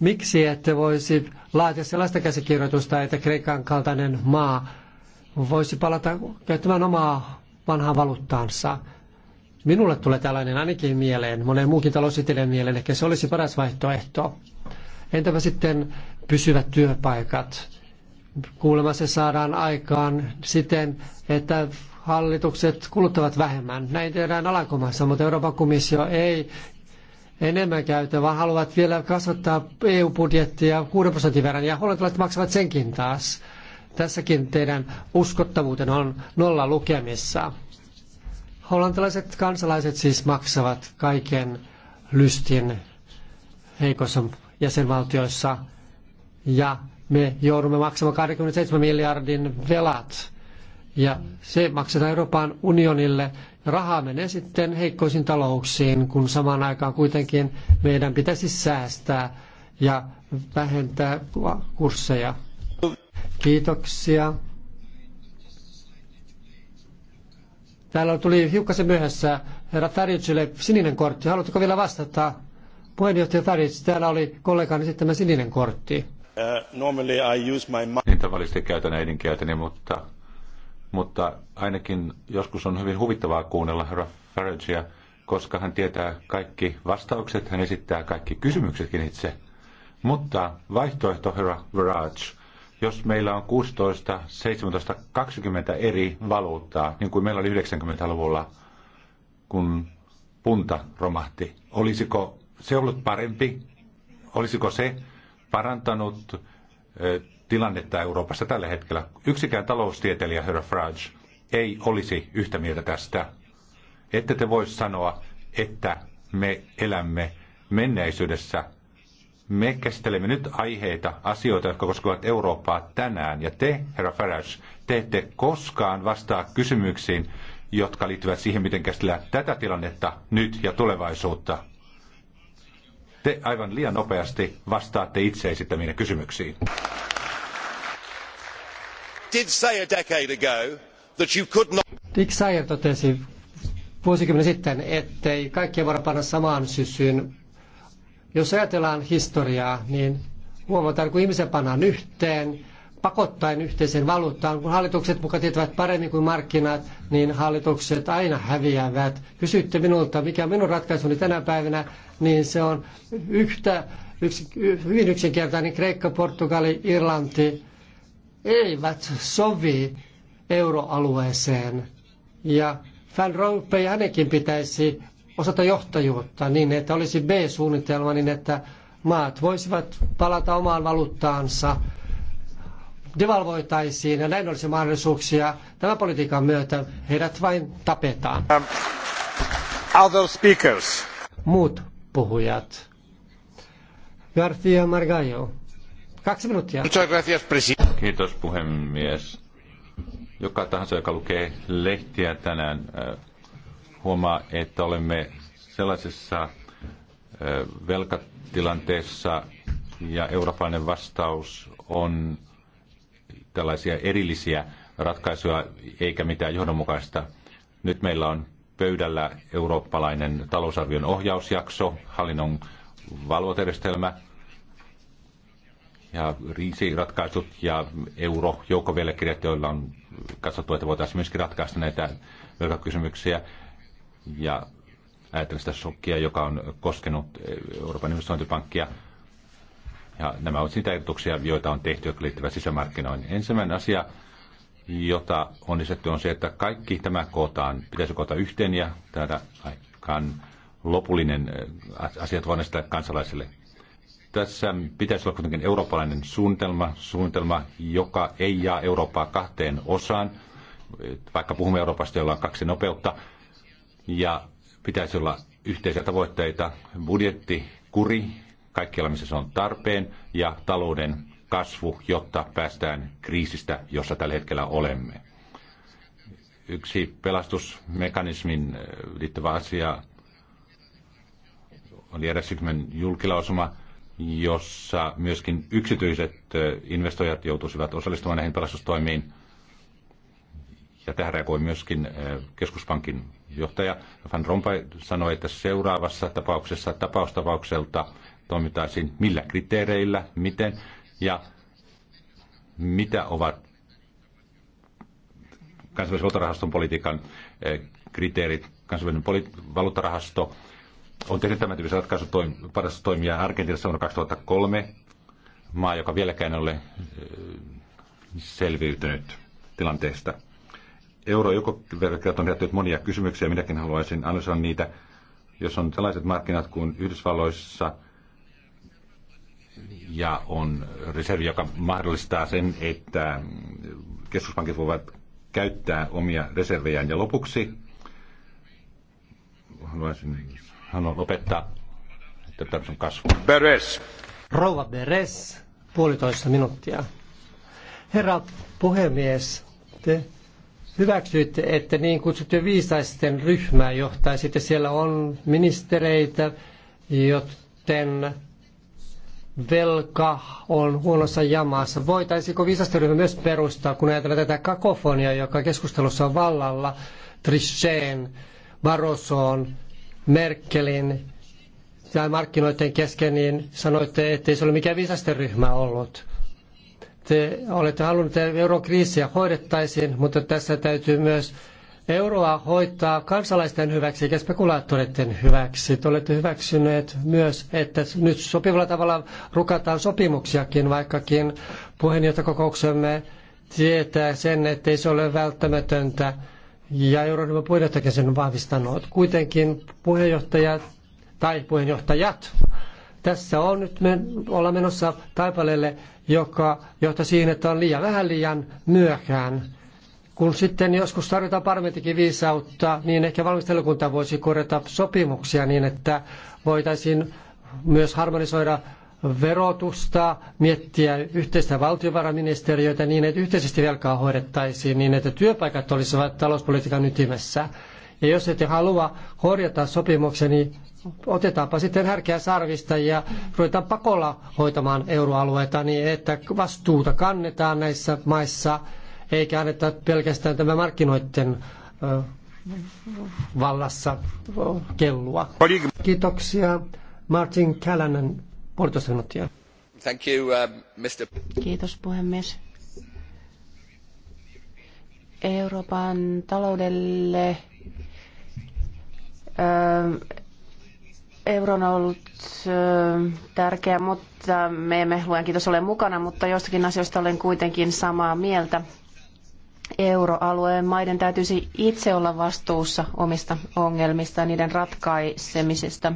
Miksi ette voisi laatia sellaista käsikirjoitusta, että Kreikan kaltainen maa voisi palata käyttämään omaa vanhaa valuuttaansa? Minulle tulee tällainen ainakin mieleen, monen muukin taloustieteilijän mieleen, ehkä se olisi paras vaihtoehto. Entäpä sitten pysyvät työpaikat? Kuulemma se saadaan aikaan siten, että hallitukset kuluttavat vähemmän. Näin tehdään Alankomaissa, mutta Euroopan komissio ei enemmän käytä, vaan haluavat vielä kasvattaa EU-budjettia 6 prosentin verran, ja hollantilaiset maksavat senkin taas. Tässäkin teidän uskottavuuten on nolla lukemissa. Hollantilaiset kansalaiset siis maksavat kaiken lystin heikossa jäsenvaltioissa ja me joudumme maksamaan 27 miljardin velat ja se maksetaan Euroopan unionille. Rahaa menee sitten heikkoisiin talouksiin, kun samaan aikaan kuitenkin meidän pitäisi säästää ja vähentää kursseja. Kiitoksia. Täällä tuli hiukkasen myöhässä herra Tarjitsille sininen kortti. Haluatteko vielä vastata? Puheenjohtaja Tarjits, täällä oli kollegani sitten sininen kortti. Uh, normally I use my... Niin tavallisesti käytän äidinkieltäni, mutta, mutta ainakin joskus on hyvin huvittavaa kuunnella herra Faragea, koska hän tietää kaikki vastaukset, hän esittää kaikki kysymyksetkin itse. Mutta vaihtoehto herra Farage jos meillä on 16, 17, 20 eri valuuttaa, niin kuin meillä oli 90-luvulla, kun punta romahti, olisiko se ollut parempi? Olisiko se parantanut tilannetta Euroopassa tällä hetkellä? Yksikään taloustieteilijä, herra Frage, ei olisi yhtä mieltä tästä. Ette te voi sanoa, että me elämme menneisyydessä me käsittelemme nyt aiheita, asioita, jotka koskevat Eurooppaa tänään. Ja te, herra Farage, te ette koskaan vastaa kysymyksiin, jotka liittyvät siihen, miten käsitellään tätä tilannetta nyt ja tulevaisuutta. Te aivan liian nopeasti vastaatte itse esittämiin kysymyksiin. Did say a decade ago that you could not... Dick Sayer totesi vuosikymmenen sitten, ettei kaikkia voida panna samaan syssyyn jos ajatellaan historiaa, niin huomataan, kun ihmisen pannaan yhteen, pakottaen yhteiseen valuuttaan, kun hallitukset muka tietävät paremmin kuin markkinat, niin hallitukset aina häviävät. Kysytte minulta, mikä on minun ratkaisuni tänä päivänä, niin se on yhtä yksi, hyvin yksinkertainen Kreikka, Portugali, Irlanti eivät sovi euroalueeseen. Ja Van Rompuy hänenkin pitäisi osata johtajuutta niin, että olisi B-suunnitelma niin, että maat voisivat palata omaan valuuttaansa, devalvoitaisiin ja näin olisi mahdollisuuksia. Tämän politiikan myötä heidät vain tapetaan. Um, other speakers. Muut puhujat. García Margallo. Kaksi minuuttia. Kiitos puhemies. Joka tahansa, joka lukee lehtiä tänään, äh, huomaa, että olemme sellaisessa velkatilanteessa ja eurooppalainen vastaus on tällaisia erillisiä ratkaisuja eikä mitään johdonmukaista. Nyt meillä on pöydällä eurooppalainen talousarvion ohjausjakso, hallinnon valvotajärjestelmä ja riisiratkaisut ja euro, joilla on katsottu, että voitaisiin myöskin ratkaista näitä velkakysymyksiä ja ajattelen sitä shokkia, joka on koskenut Euroopan investointipankkia. Ja nämä ovat niitä ehdotuksia, joita on tehty, jotka liittyvät sisämarkkinoihin. Ensimmäinen asia, jota on lisätty, on se, että kaikki tämä kootaan, pitäisi koota yhteen ja tämä aikaan lopullinen äh, asiat sitä kansalaisille. Tässä pitäisi olla kuitenkin eurooppalainen suunnitelma, suunnitelma, joka ei jaa Eurooppaa kahteen osaan. Vaikka puhumme Euroopasta, jolla on kaksi nopeutta, ja pitäisi olla yhteisiä tavoitteita, budjetti, kuri, kaikkialla missä se on tarpeen, ja talouden kasvu, jotta päästään kriisistä, jossa tällä hetkellä olemme. Yksi pelastusmekanismin äh, liittyvä asia oli eräs julkilausuma, jossa myöskin yksityiset äh, investoijat joutuisivat osallistumaan näihin pelastustoimiin. Ja tähän reagoi myöskin äh, keskuspankin johtaja Van Rompuy sanoi, että seuraavassa tapauksessa tapaustapaukselta toimitaisiin millä kriteereillä, miten ja mitä ovat kansainvälisen valuuttarahaston politiikan eh, kriteerit. Kansainvälinen poli- valuuttarahasto on tehnyt tämän tyyppisen ratkaisun toim- parasta toimia Argentiinassa vuonna 2003, maa, joka vieläkään ei ole eh, selviytynyt tilanteesta euro on herättänyt monia kysymyksiä, minäkin haluaisin analysoida niitä. Jos on sellaiset markkinat kuin Yhdysvalloissa ja on reservi, joka mahdollistaa sen, että keskuspankit voivat käyttää omia reservejään. Ja lopuksi haluaisin haluan lopettaa, että tämä on kasvu. Beres. Rouva Beres, puolitoista minuuttia. Herra puhemies, te hyväksyitte, että niin kutsuttujen viisaisten ryhmää johtaisitte. Siellä on ministereitä, joten velka on huonossa jamassa. Voitaisiko ryhmä myös perustaa, kun ajatellaan tätä kakofoniaa, joka keskustelussa on vallalla, Trichén, Barroson, Merkelin tai markkinoiden kesken, niin sanoitte, ettei se ole mikään viisasteryhmä ollut. Te olette halunneet, että eurokriisiä hoidettaisiin, mutta tässä täytyy myös euroa hoitaa kansalaisten hyväksi eikä spekulaattoreiden hyväksi. Te olette hyväksyneet myös, että nyt sopivalla tavalla rukataan sopimuksiakin, vaikkakin puheenjohtajakokouksemme tietää sen, ettei se ole välttämätöntä ja euroryhmän puheenjohtajakin sen on vahvistanut. Kuitenkin puheenjohtajat tai puheenjohtajat, tässä on nyt me, ollaan menossa taipaleelle joka johtaa siihen, että on liian vähän liian myöhään. Kun sitten joskus tarvitaan parlamentikin viisautta, niin ehkä valmistelukunta voisi korjata sopimuksia niin, että voitaisiin myös harmonisoida verotusta, miettiä yhteistä valtiovarainministeriötä niin, että yhteisesti velkaa hoidettaisiin niin, että työpaikat olisivat talouspolitiikan ytimessä. Ja jos ette halua korjata sopimuksia, niin otetaanpa sitten härkää sarvista ja ruvetaan pakolla hoitamaan euroalueita niin, että vastuuta kannetaan näissä maissa, eikä anneta pelkästään tämä markkinoiden vallassa kellua. Kiitoksia. Martin Callanan, puolitoista minuuttia. Thank you, uh, Mr. Kiitos puhemies. Euroopan taloudelle Euro on ollut tärkeä, mutta me emme luen kiitos ole mukana, mutta jostakin asioista olen kuitenkin samaa mieltä. Euroalueen maiden täytyisi itse olla vastuussa omista ongelmista ja niiden ratkaisemisesta.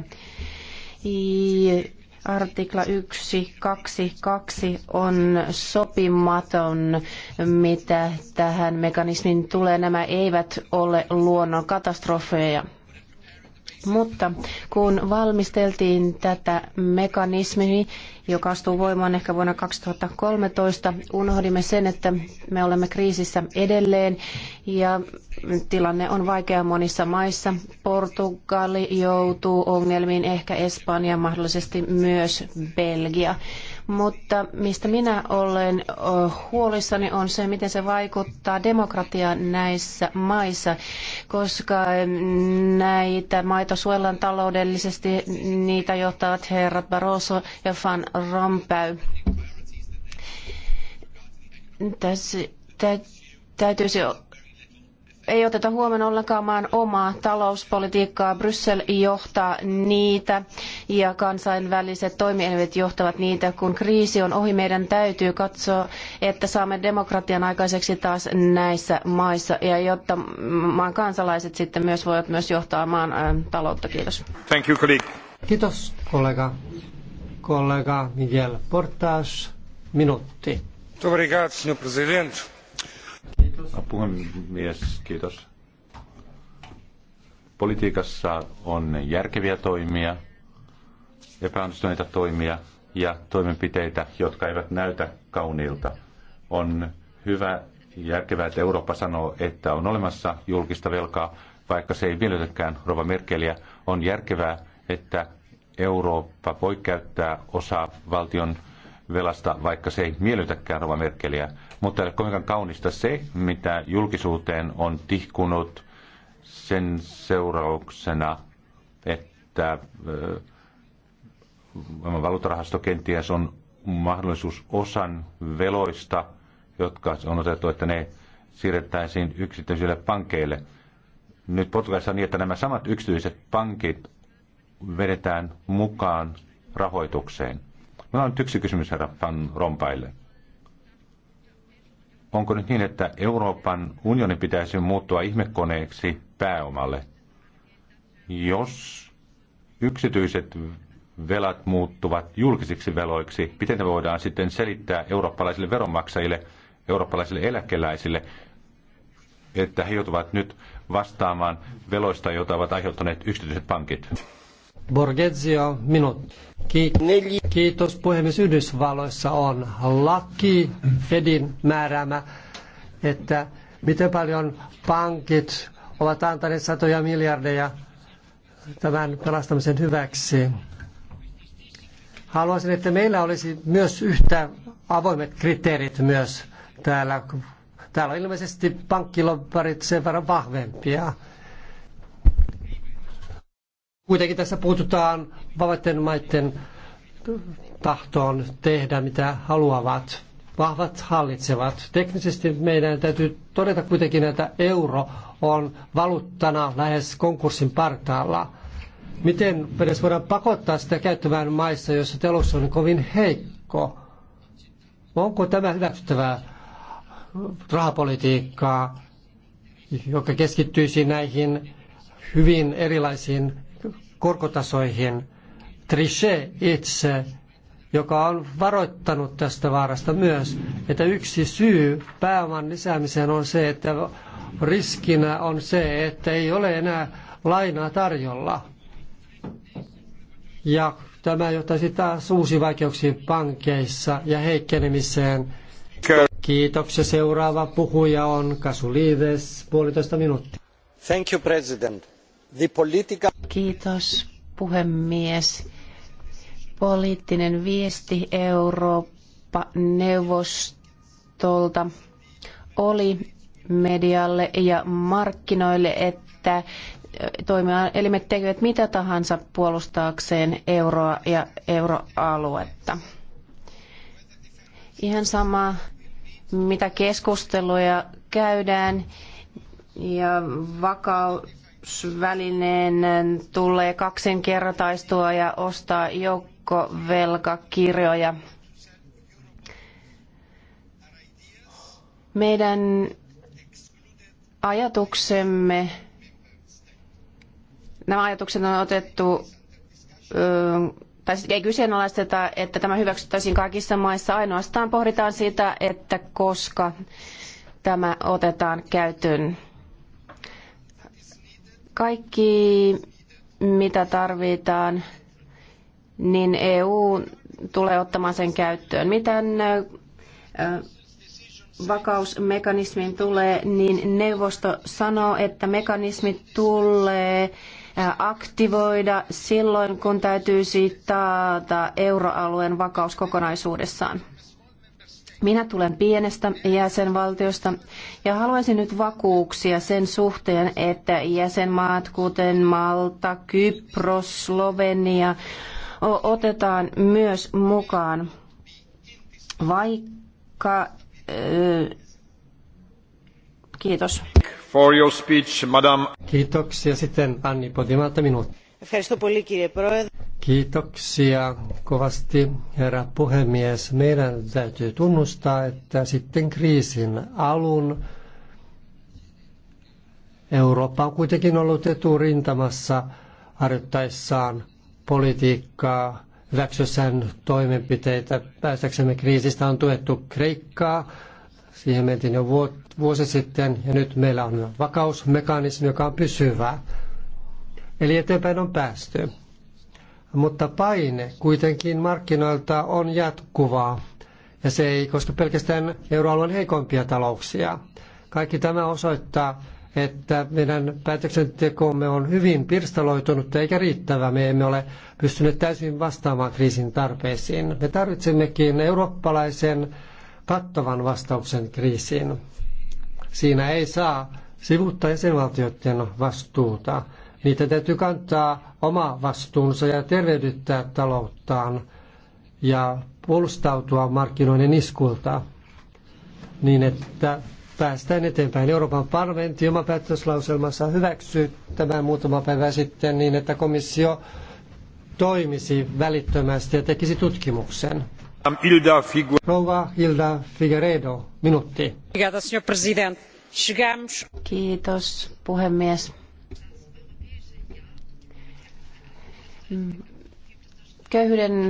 Artikla 122 on sopimaton, mitä tähän mekanismiin tulee. Nämä eivät ole luonnon katastrofeja. Mutta kun valmisteltiin tätä mekanismia, joka astuu voimaan ehkä vuonna 2013, unohdimme sen, että me olemme kriisissä edelleen ja tilanne on vaikea monissa maissa. Portugali joutuu ongelmiin, ehkä Espanja, mahdollisesti myös Belgia. Mutta mistä minä olen huolissani on se, miten se vaikuttaa demokratiaan näissä maissa, koska näitä maita suojellaan taloudellisesti, niitä johtavat herrat Barroso ja Van Rompuy. Tässä täytyisi ei oteta huomioon ollenkaan maan omaa talouspolitiikkaa. Bryssel johtaa niitä ja kansainväliset toimielimet johtavat niitä. Kun kriisi on ohi, meidän täytyy katsoa, että saamme demokratian aikaiseksi taas näissä maissa ja jotta maan kansalaiset sitten myös voivat myös johtaa maan taloutta. Kiitos. Thank you, colleague. Kiitos kollega. Kollega Miguel Portas, minuutti. Muito obrigado, senhor presidente. Ah, puhemies, kiitos. Politiikassa on järkeviä toimia, epäonnistuneita toimia ja toimenpiteitä, jotka eivät näytä kauniilta. On hyvä järkevää, että Eurooppa sanoo, että on olemassa julkista velkaa, vaikka se ei miellytäkään Rova Merkeliä. On järkevää, että Eurooppa voi käyttää osaa valtion velasta, vaikka se ei miellytäkään Rova Merkeliä mutta ei ole kaunista se, mitä julkisuuteen on tihkunut sen seurauksena, että valuutarahasto kenties on mahdollisuus osan veloista, jotka on otettu, että ne siirrettäisiin yksityisille pankeille. Nyt Portugalissa on niin, että nämä samat yksityiset pankit vedetään mukaan rahoitukseen. Minulla on nyt yksi kysymys herra Van Rompaille onko nyt niin, että Euroopan unioni pitäisi muuttua ihmekoneeksi pääomalle, jos yksityiset velat muuttuvat julkisiksi veloiksi, miten ne voidaan sitten selittää eurooppalaisille veronmaksajille, eurooppalaisille eläkeläisille, että he joutuvat nyt vastaamaan veloista, joita ovat aiheuttaneet yksityiset pankit? Borgezio, minuutti. Kiitos puhemies. Yhdysvalloissa on laki Fedin määräämä, että miten paljon pankit ovat antaneet satoja miljardeja tämän pelastamisen hyväksi. Haluaisin, että meillä olisi myös yhtä avoimet kriteerit myös täällä. Täällä on ilmeisesti pankkilomparit sen verran vahvempia. Kuitenkin tässä puututaan vavaiden maiden tahtoon tehdä mitä haluavat. Vahvat hallitsevat. Teknisesti meidän täytyy todeta kuitenkin, että euro on valuuttana lähes konkurssin partaalla. Miten edes voidaan pakottaa sitä käyttämään maissa, joissa talous on kovin heikko? Onko tämä hyväksyttävää rahapolitiikkaa, joka keskittyisi näihin hyvin erilaisiin korkotasoihin. Trichet itse, joka on varoittanut tästä vaarasta myös, että yksi syy pääoman lisäämiseen on se, että riskinä on se, että ei ole enää lainaa tarjolla. Ja tämä johtaisi taas uusiin vaikeuksiin pankeissa ja heikkenemiseen. Kiitoksia. Seuraava puhuja on Kasulides, puolitoista minuuttia. Thank you, President. Kiitos puhemies. Poliittinen viesti Eurooppa-neuvostolta oli medialle ja markkinoille, että toimielimet tekevät mitä tahansa puolustaakseen euroa ja euroaluetta. Ihan sama, mitä keskusteluja käydään ja vakautta rahoitusvälineen tulee kaksinkertaistua ja ostaa joukkovelkakirjoja. Meidän ajatuksemme, nämä ajatukset on otettu, tai siis ei kyseenalaisteta, että tämä hyväksyttäisiin kaikissa maissa. Ainoastaan pohditaan sitä, että koska tämä otetaan käyttöön. Kaikki, mitä tarvitaan, niin EU tulee ottamaan sen käyttöön. Miten vakausmekanismin tulee, niin neuvosto sanoo, että mekanismi tulee aktivoida silloin, kun täytyisi taata euroalueen vakaus kokonaisuudessaan. Minä tulen pienestä jäsenvaltiosta ja haluaisin nyt vakuuksia sen suhteen, että jäsenmaat kuten Malta, Kypros, Slovenia otetaan myös mukaan, vaikka... Äh, kiitos. For your speech, madam. Kiitoksia sitten Anni Potimalta minuutti. Kiitoksia kovasti, herra puhemies. Meidän täytyy tunnustaa, että sitten kriisin alun Eurooppa on kuitenkin ollut eturintamassa harjoittaessaan politiikkaa, hyväksyessään toimenpiteitä. Päästäksemme kriisistä on tuettu Kreikkaa, siihen mentiin jo vuosi sitten, ja nyt meillä on vakausmekanismi, joka on pysyvä. Eli eteenpäin on päästy mutta paine kuitenkin markkinoilta on jatkuvaa ja se ei koske pelkästään euroalueen heikompia talouksia. Kaikki tämä osoittaa, että meidän päätöksentekomme on hyvin pirstaloitunut eikä riittävä. Me emme ole pystyneet täysin vastaamaan kriisin tarpeisiin. Me tarvitsemmekin eurooppalaisen kattavan vastauksen kriisiin. Siinä ei saa sivuuttaa jäsenvaltioiden vastuuta. Niitä täytyy kantaa oma vastuunsa ja tervehdyttää talouttaan ja puolustautua markkinoiden iskulta niin, että päästään eteenpäin. Euroopan parlamentti oma päätöslauselmassa hyväksyi tämän muutama päivä sitten niin, että komissio toimisi välittömästi ja tekisi tutkimuksen. Hilda Figu- Rouva Hilda Figueredo, minuutti. Kiitos puhemies. Köyhyyden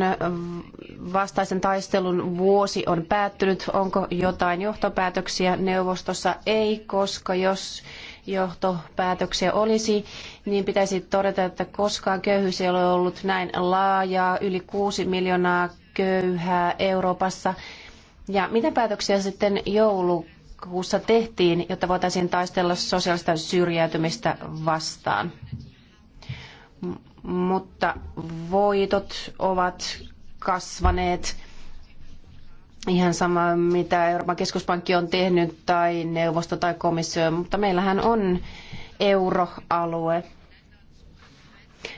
vastaisen taistelun vuosi on päättynyt. Onko jotain johtopäätöksiä neuvostossa? Ei, koska jos johtopäätöksiä olisi, niin pitäisi todeta, että koskaan köyhyys ei ole ollut näin laajaa, yli kuusi miljoonaa köyhää Euroopassa. Ja mitä päätöksiä sitten joulukuussa tehtiin, jotta voitaisiin taistella sosiaalista syrjäytymistä vastaan? mutta voitot ovat kasvaneet. Ihan sama, mitä Euroopan keskuspankki on tehnyt tai neuvosto tai komissio, mutta meillähän on euroalue.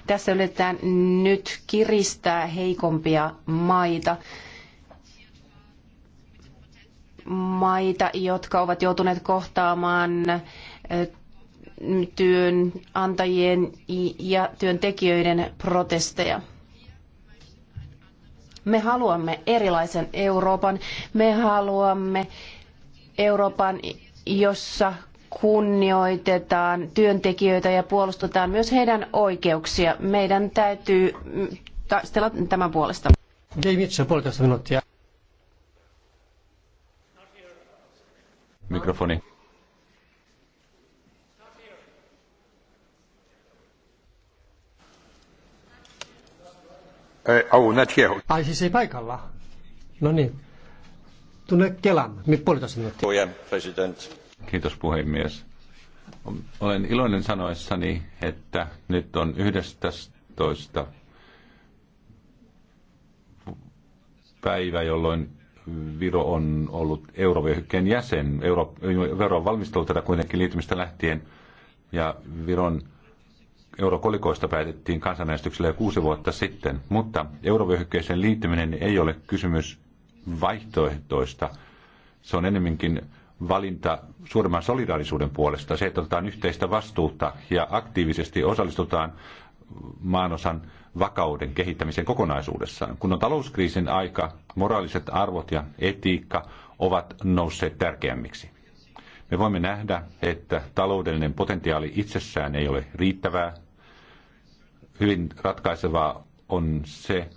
Tässä yritetään nyt kiristää heikompia maita maita, jotka ovat joutuneet kohtaamaan työnantajien ja työntekijöiden protesteja. Me haluamme erilaisen Euroopan. Me haluamme Euroopan, jossa kunnioitetaan työntekijöitä ja puolustetaan myös heidän oikeuksia. Meidän täytyy taistella tämän puolesta. Mikrofoni. Ei, eh, au, näet hieho. Ai siis ei paikalla. No niin. Tunne Kelan, nyt puolitoista minuuttia. president. Kiitos puhemies. Olen iloinen sanoessani, että nyt on 11. päivä, jolloin Viro on ollut eurovyöhykkeen jäsen. Euro, Viro on valmistellut tätä kuitenkin liittymistä lähtien. Ja Viron eurokolikoista päätettiin kansanäänestyksellä jo kuusi vuotta sitten, mutta eurovyöhykkeeseen liittyminen ei ole kysymys vaihtoehtoista. Se on enemminkin valinta suuremman solidaarisuuden puolesta, se, että otetaan yhteistä vastuuta ja aktiivisesti osallistutaan maanosan vakauden kehittämiseen kokonaisuudessaan. Kun on talouskriisin aika, moraaliset arvot ja etiikka ovat nousseet tärkeämmiksi. Me voimme nähdä, että taloudellinen potentiaali itsessään ei ole riittävää hyvin ratkaisevaa on se,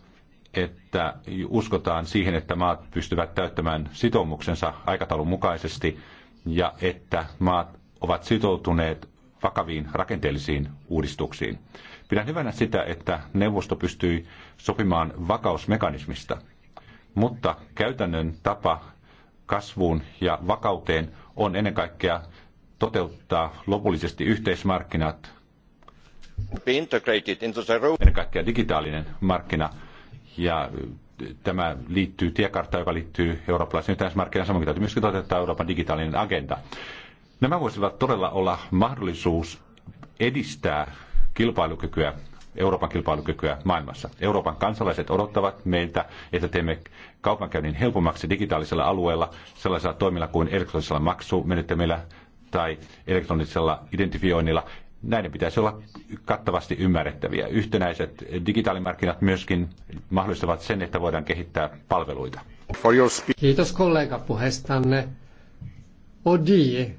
että uskotaan siihen, että maat pystyvät täyttämään sitoumuksensa aikataulun mukaisesti ja että maat ovat sitoutuneet vakaviin rakenteellisiin uudistuksiin. Pidän hyvänä sitä, että neuvosto pystyi sopimaan vakausmekanismista, mutta käytännön tapa kasvuun ja vakauteen on ennen kaikkea toteuttaa lopullisesti yhteismarkkinat Ennen kaikkea digitaalinen markkina ja tämä liittyy tiekarttaan, joka liittyy eurooppalaisen yhteismarkkinaan, samoin täytyy myöskin toteuttaa Euroopan digitaalinen agenda. Nämä voisivat todella olla mahdollisuus edistää kilpailukykyä, Euroopan kilpailukykyä maailmassa. Euroopan kansalaiset odottavat meiltä, että teemme kaupankäynnin helpommaksi digitaalisella alueella sellaisilla toimilla kuin elektronisella maksumenettelyllä tai elektronisella identifioinnilla näiden pitäisi olla kattavasti ymmärrettäviä. Yhtenäiset digitaalimarkkinat myöskin mahdollistavat sen, että voidaan kehittää palveluita. Kiitos kollega puheestanne. Odi,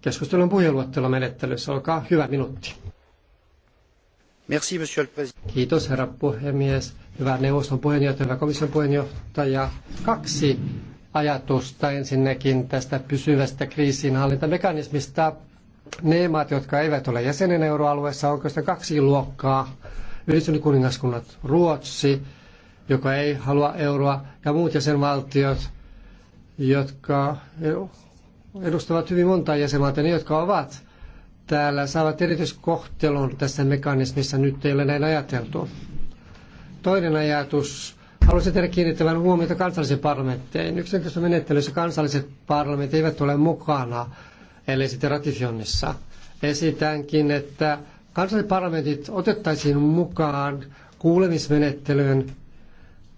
keskustelun menettelyssä, olkaa hyvä minuutti. Merci, monsieur le Kiitos herra puhemies, hyvä neuvoston puheenjohtaja, hyvä komission puheenjohtaja. Kaksi ajatusta ensinnäkin tästä pysyvästä kriisinhallintamekanismista ne maat, jotka eivät ole jäsenen euroalueessa, onko sitä kaksi luokkaa, yhdistynyt kuningaskunnat Ruotsi, joka ei halua euroa, ja muut jäsenvaltiot, jotka edustavat hyvin montaa jäsenmaata, ne jotka ovat täällä, saavat erityiskohtelun tässä mekanismissa, nyt ei ole näin ajateltu. Toinen ajatus, haluaisin tehdä kiinnittävän huomiota kansallisiin parlamentteihin. Yksinkertaisessa menettelyssä kansalliset parlamentit eivät ole mukana ellei sitten ratifioinnissa. Esitänkin, että kansalliset parlamentit otettaisiin mukaan kuulemismenettelyyn,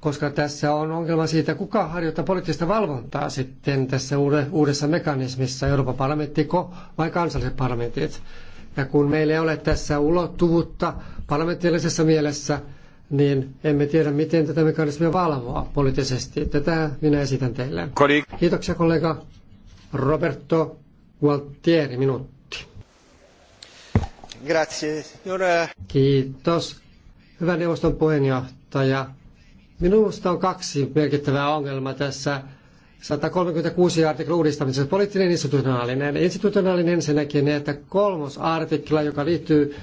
koska tässä on ongelma siitä, kuka harjoittaa poliittista valvontaa sitten tässä uudessa mekanismissa, Euroopan parlamenttiko vai kansalliset parlamentit. Ja kun meillä ei ole tässä ulottuvuutta parlamenttilaisessa mielessä, niin emme tiedä, miten tätä mekanismia valvoa poliittisesti. Tätä minä esitän teille. Kiitoksia kollega Roberto Valtieri, minuutti. Grazie, signora. Kiitos. Hyvä neuvoston puheenjohtaja. Minusta on kaksi merkittävää ongelmaa tässä 136 artikla uudistamisessa. Poliittinen institutionaalinen. Institutionaalinen ensinnäkin, että kolmos artikla, joka liittyy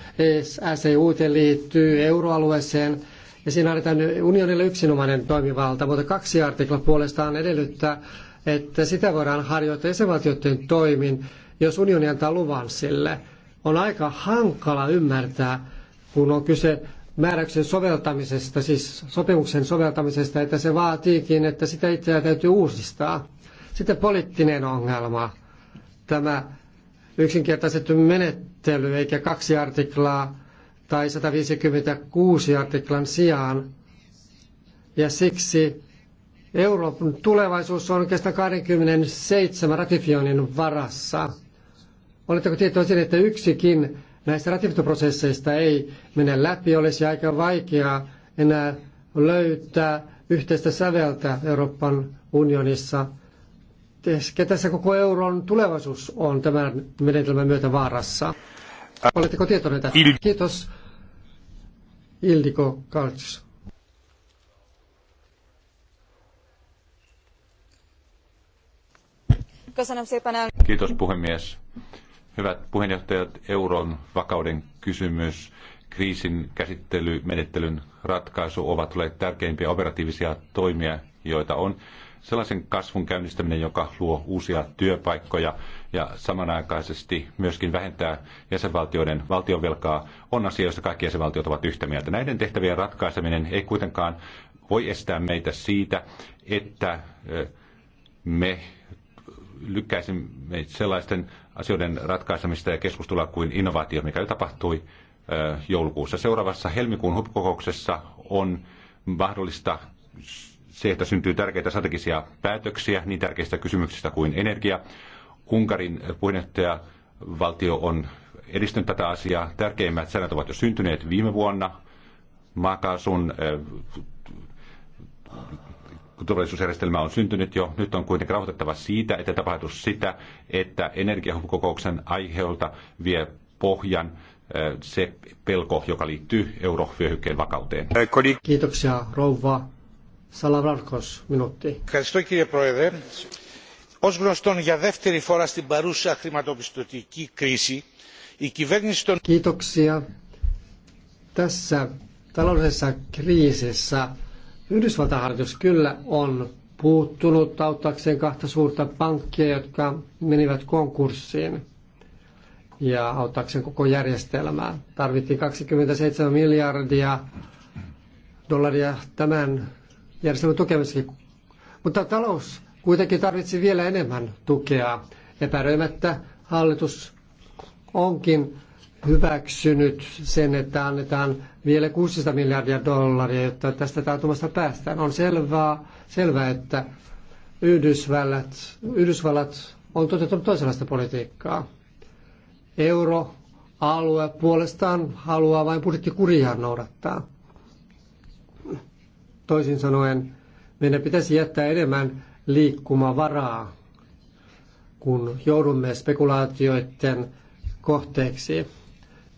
SEUteen, liittyy euroalueeseen, ja siinä annetaan unionille yksinomainen toimivalta, mutta kaksi artikla puolestaan edellyttää että sitä voidaan harjoittaa jäsenvaltioiden toimin, jos unioni antaa luvan sille. On aika hankala ymmärtää, kun on kyse määräyksen soveltamisesta, siis sopimuksen soveltamisesta, että se vaatiikin, että sitä itseään täytyy uusistaa. Sitten poliittinen ongelma, tämä yksinkertaistettu menettely, eikä kaksi artiklaa tai 156 artiklan sijaan. Ja siksi Euroopan tulevaisuus on oikeastaan 27 ratifioinnin varassa. Oletteko tietoisia, että yksikin näistä ratifiointiprosesseista ei mene läpi? Olisi aika vaikeaa enää löytää yhteistä säveltä Euroopan unionissa. Ehkä tässä koko euron tulevaisuus on tämän menetelmän myötä vaarassa. Oletteko tietoinen tästä? Kiitos. Ildiko Kaltsus. Kiitos puhemies. Hyvät puheenjohtajat, euron vakauden kysymys, kriisin käsittelymenettelyn ratkaisu ovat olleet tärkeimpiä operatiivisia toimia, joita on sellaisen kasvun käynnistäminen, joka luo uusia työpaikkoja ja samanaikaisesti myöskin vähentää jäsenvaltioiden valtionvelkaa, on asia, josta kaikki jäsenvaltiot ovat yhtä mieltä. Näiden tehtävien ratkaiseminen ei kuitenkaan voi estää meitä siitä, että eh, me lykkäisimme sellaisten asioiden ratkaisemista ja keskustelua kuin innovaatio, mikä tapahtui joulukuussa. Seuraavassa helmikuun huippukokouksessa on mahdollista se, että syntyy tärkeitä strategisia päätöksiä niin tärkeistä kysymyksistä kuin energia. Unkarin puheenjohtaja valtio on edistänyt tätä asiaa. Tärkeimmät säännöt ovat jo syntyneet viime vuonna. Maakaasun turvallisuusjärjestelmä on syntynyt jo. Nyt on kuitenkin rauhoitettava siitä, että tapahtuu sitä, että energiakokouksen aiheelta vie pohjan äh, se pelko, joka liittyy eurovyöhykkeen vakauteen. Kiitoksia rouva Salavarkos, minuutti. Ευχαριστώ κύριε Πρόεδρε. Ως γνωστόν για δεύτερη φορά στην παρούσα χρηματοπιστωτική κρίση, η κυβέρνηση των... Kiitoksia. Tässä taloudellisessa kriisissä Yhdysvaltain hallitus kyllä on puuttunut auttaakseen kahta suurta pankkia, jotka menivät konkurssiin ja auttaakseen koko järjestelmää. Tarvittiin 27 miljardia dollaria tämän järjestelmän tukemiseksi. Mutta talous kuitenkin tarvitsi vielä enemmän tukea. Epäröimättä hallitus onkin hyväksynyt sen, että annetaan vielä 600 miljardia dollaria, jotta tästä taantumasta päästään. On selvää, selvää että Yhdysvallat, Yhdysvallat on toteuttanut toisenlaista politiikkaa. Euroalue puolestaan haluaa vain budjettikuria noudattaa. Toisin sanoen, meidän pitäisi jättää enemmän liikkumavaraa, kun joudumme spekulaatioiden kohteeksi.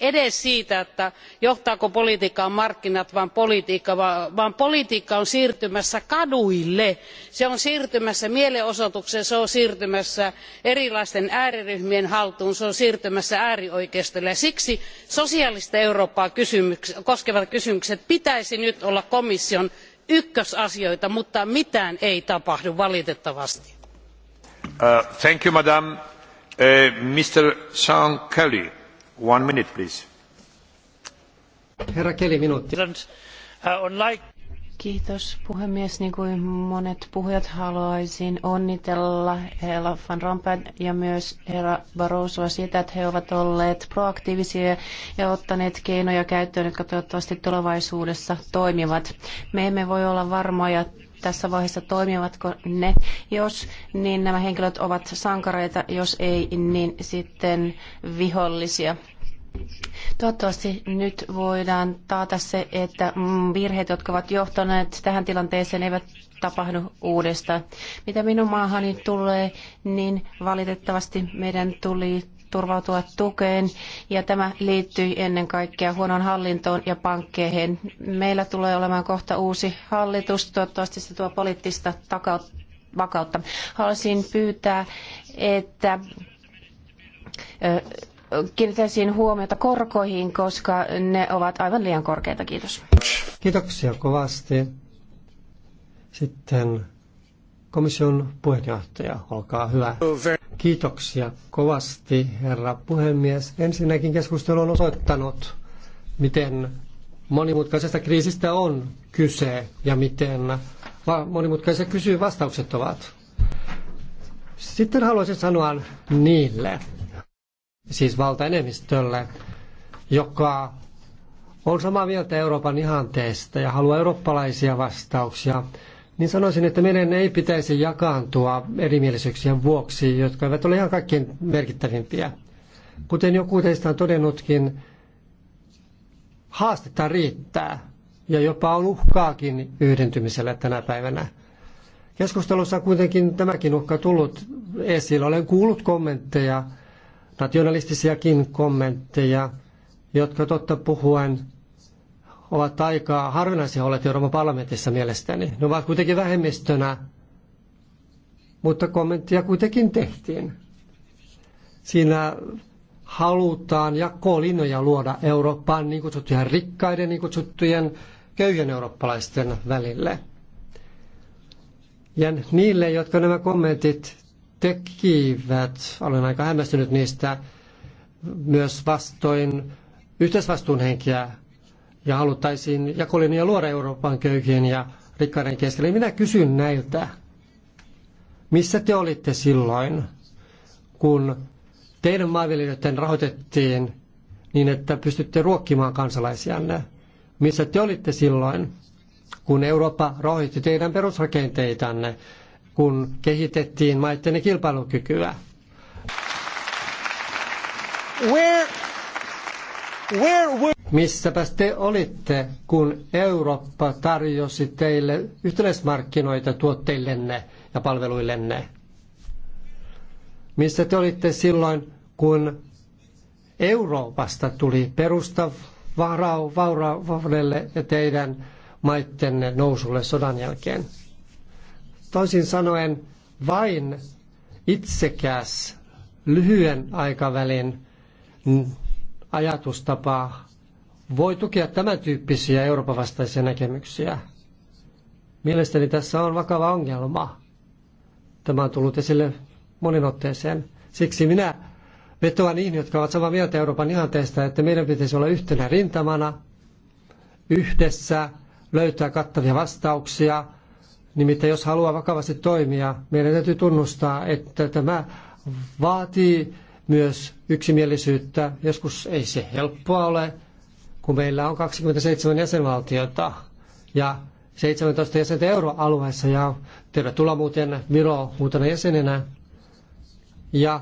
edes siitä johtaako politiikkaan markkinat vaan politiikka on siirtymässä kaduille se on siirtymässä mielenosoituksiin se on siirtymässä erilaisten ääriryhmien haltuun se on siirtymässä äärioikeistolle ja siksi sosiaalista eurooppaa koskevat kysymykset pitäisi nyt olla komission ykkösasioita mutta mitään ei tapahdu valitettavasti. Uh, One minuutti. Uh, Kiitos puhemies. Niin kuin monet puhujat haluaisin onnitella herra Van Rompuyn ja myös herra Barrosoa siitä, että he ovat olleet proaktiivisia ja ottaneet keinoja käyttöön, jotka toivottavasti tulevaisuudessa toimivat. Me emme voi olla varmoja tässä vaiheessa, toimivatko ne. Jos, niin nämä henkilöt ovat sankareita, jos ei, niin sitten vihollisia. Toivottavasti nyt voidaan taata se, että mm, virheet, jotka ovat johtaneet tähän tilanteeseen, eivät tapahdu uudestaan. Mitä minun maahani tulee, niin valitettavasti meidän tuli turvautua tukeen ja tämä liittyy ennen kaikkea huonon hallintoon ja pankkeihin. Meillä tulee olemaan kohta uusi hallitus, toivottavasti se tuo poliittista vakautta. Haluaisin pyytää, että kiinnittäisiin huomiota korkoihin, koska ne ovat aivan liian korkeita. Kiitos. Kiitoksia kovasti. Sitten Komission puheenjohtaja, olkaa hyvä. Kiitoksia kovasti, herra puhemies. Ensinnäkin keskustelu on osoittanut, miten monimutkaisesta kriisistä on kyse ja miten monimutkaisia kysyy vastaukset ovat. Sitten haluaisin sanoa niille, siis valtaenemmistölle, joka on samaa mieltä Euroopan ihanteesta ja haluaa eurooppalaisia vastauksia – niin sanoisin, että meidän ei pitäisi jakaantua erimielisyyksien vuoksi, jotka eivät ole ihan kaikkein merkittävimpiä. Kuten joku teistä on todennutkin, haastetta riittää ja jopa on uhkaakin yhdentymisellä tänä päivänä. Keskustelussa on kuitenkin tämäkin uhka tullut esille. Olen kuullut kommentteja, nationalistisiakin kommentteja, jotka totta puhuen ovat aika harvinaisia olleet Euroopan parlamentissa mielestäni. Ne ovat kuitenkin vähemmistönä, mutta kommenttia kuitenkin tehtiin. Siinä halutaan jakolinjoja luoda Eurooppaan niin kutsuttujen rikkaiden, niin kutsuttujen köyhien eurooppalaisten välille. Ja niille, jotka nämä kommentit tekivät, olen aika hämmästynyt niistä, myös vastoin yhteisvastuun henkeä ja haluttaisiin jakolinja luoda Euroopan köyhien ja rikkaiden keskelle. Minä kysyn näiltä, missä te olitte silloin, kun teidän maanviljelijöiden rahoitettiin niin, että pystytte ruokkimaan kansalaisianne? Missä te olitte silloin, kun Eurooppa rahoitti teidän perusrakenteitanne, kun kehitettiin maittenne kilpailukykyä? Where, where were... Missäpäs te olitte, kun Eurooppa tarjosi teille yhtenäismarkkinoita tuotteillenne ja palveluillenne? Missä te olitte silloin, kun Euroopasta tuli perusta vauraudelle ja teidän maittenne nousulle sodan jälkeen? Toisin sanoen, vain itsekäs lyhyen aikavälin ajatustapa voi tukea tämän tyyppisiä Euroopan vastaisia näkemyksiä. Mielestäni tässä on vakava ongelma. Tämä on tullut esille monin otteeseen. Siksi minä vetoan niihin, jotka ovat samaa mieltä Euroopan ihanteesta, että meidän pitäisi olla yhtenä rintamana, yhdessä, löytää kattavia vastauksia. Nimittäin jos haluaa vakavasti toimia, meidän täytyy tunnustaa, että tämä vaatii myös yksimielisyyttä. Joskus ei se helppoa ole, kun meillä on 27 jäsenvaltiota ja 17 jäsentä euroalueessa ja tervetuloa muuten Viro uutena jäsenenä. Ja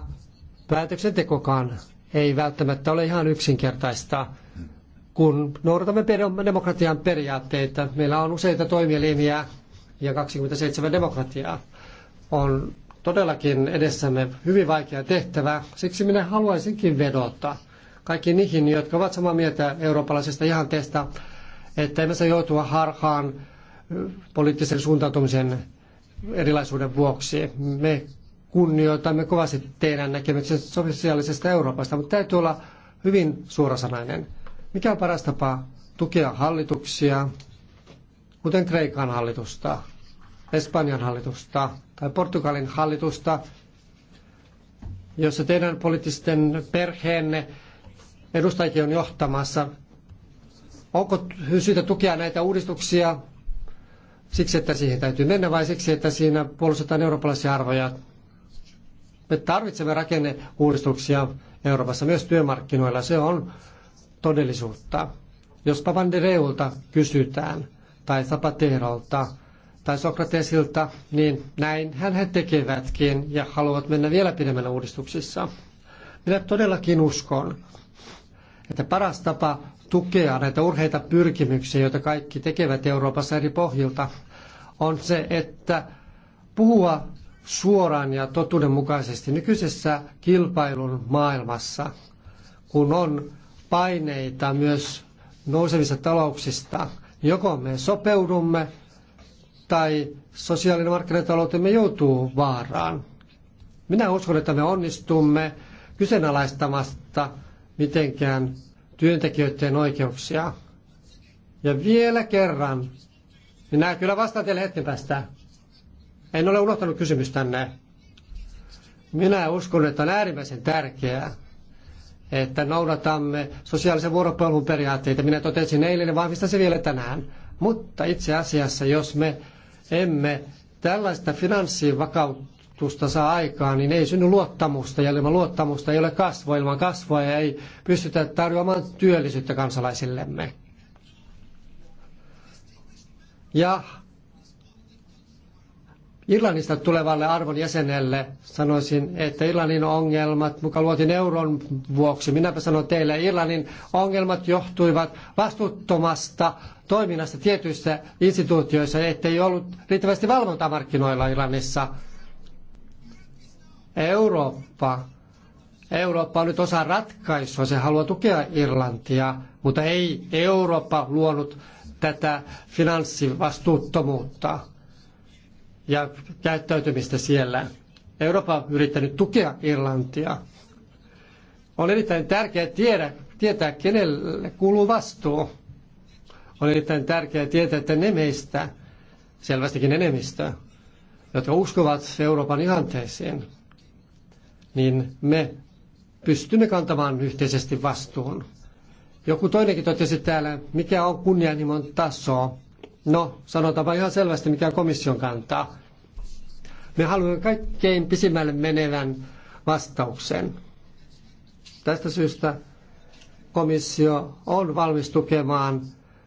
päätöksentekokaan ei välttämättä ole ihan yksinkertaista, kun noudatamme demokratian periaatteita. Meillä on useita toimielimiä ja 27 demokratiaa. On todellakin edessämme hyvin vaikea tehtävä, siksi minä haluaisinkin vedota – kaikkiin niihin, jotka ovat samaa mieltä eurooppalaisesta ihanteesta, että emme saa joutua harhaan poliittisen suuntautumisen erilaisuuden vuoksi. Me kunnioitamme kovasti teidän näkemyksen sosiaalisesta Euroopasta, mutta täytyy olla hyvin suorasanainen. Mikä on paras tapa tukea hallituksia, kuten Kreikan hallitusta, Espanjan hallitusta tai Portugalin hallitusta, jossa teidän poliittisten perheenne edustajakin on johtamassa. Onko syytä tukea näitä uudistuksia siksi, että siihen täytyy mennä vai siksi, että siinä puolustetaan eurooppalaisia arvoja? Me tarvitsemme rakenneuudistuksia Euroopassa myös työmarkkinoilla. Se on todellisuutta. Jos Papandereulta kysytään tai Zapaterolta tai Sokratesilta, niin näin hän he tekevätkin ja haluavat mennä vielä pidemmällä uudistuksissa. Minä todellakin uskon, että paras tapa tukea näitä urheita pyrkimyksiä, joita kaikki tekevät Euroopassa eri pohjilta, on se, että puhua suoraan ja totuudenmukaisesti nykyisessä kilpailun maailmassa, kun on paineita myös nousevissa talouksista, joko me sopeudumme tai sosiaalinen markkinataloutemme joutuu vaaraan. Minä uskon, että me onnistumme kyseenalaistamasta mitenkään työntekijöiden oikeuksia. Ja vielä kerran, minä niin kyllä vastaan teille hetken päästä. En ole unohtanut tänne. Minä uskon, että on äärimmäisen tärkeää, että noudatamme sosiaalisen vuoropuhelun periaatteita. Minä totesin eilen ja vahvistan se vielä tänään. Mutta itse asiassa, jos me emme tällaista finanssivakautta luottamusta saa aikaan, niin ei synny luottamusta. Ja ilman luottamusta ei ole kasvua. Ilman kasvua ei pystytä tarjoamaan työllisyyttä kansalaisillemme. Ja Irlannista tulevalle arvon jäsenelle sanoisin, että Irlannin ongelmat, muka luotin euron vuoksi, minäpä sanon teille, Irlannin ongelmat johtuivat vastuuttomasta toiminnasta tietyissä instituutioissa, ettei ollut riittävästi valvontamarkkinoilla Irlannissa. Eurooppa, Eurooppa on nyt osa ratkaisua, se haluaa tukea Irlantia, mutta ei Eurooppa luonut tätä finanssivastuuttomuutta ja käyttäytymistä siellä. Eurooppa on yrittänyt tukea Irlantia. On erittäin tärkeää tiedä, tietää, kenelle kuuluu vastuu. On erittäin tärkeää tietää, että ne meistä, selvästikin enemmistö, jotka uskovat Euroopan ihanteisiin, niin me pystymme kantamaan yhteisesti vastuun. Joku toinenkin totesi täällä, mikä on kunnianhimon taso. No, sanotaanpa ihan selvästi, mikä on komission kantaa. Me haluamme kaikkein pisimmälle menevän vastauksen. Tästä syystä komissio on valmis tukemaan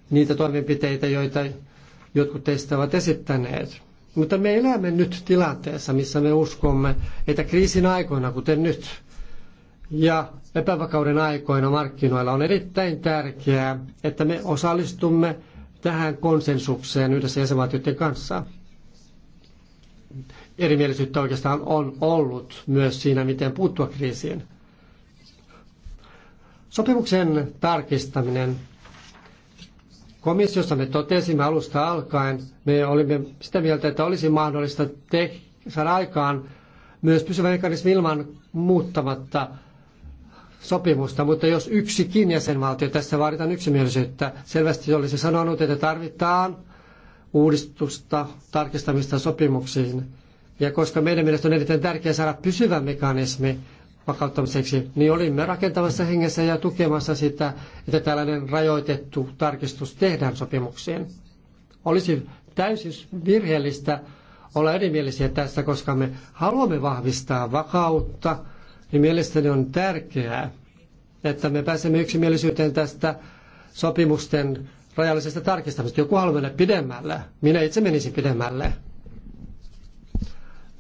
niitä toimenpiteitä, joita jotkut teistä ovat esittäneet. Mutta me elämme nyt tilanteessa, missä me uskomme, että kriisin aikoina, kuten nyt, ja epävakauden aikoina markkinoilla on erittäin tärkeää, että me osallistumme tähän konsensukseen yhdessä jäsenvaltioiden kanssa. Erimielisyyttä oikeastaan on ollut myös siinä, miten puuttua kriisiin. Sopimuksen tarkistaminen Komissiossa me totesimme alusta alkaen, me olimme sitä mieltä, että olisi mahdollista te- saada aikaan myös pysyvä mekanismi ilman muuttamatta sopimusta, mutta jos yksikin jäsenvaltio, tässä vaaditaan yksimielisyyttä, selvästi olisi sanonut, että tarvitaan uudistusta, tarkistamista sopimuksiin. Ja koska meidän mielestä on erittäin tärkeää saada pysyvä mekanismi, vakauttamiseksi, niin olimme rakentavassa hengessä ja tukemassa sitä, että tällainen rajoitettu tarkistus tehdään sopimuksiin. Olisi täysin virheellistä olla erimielisiä tästä, koska me haluamme vahvistaa vakautta, niin mielestäni on tärkeää, että me pääsemme yksimielisyyteen tästä sopimusten rajallisesta tarkistamisesta. Joku haluaa mennä pidemmälle. Minä itse menisin pidemmälle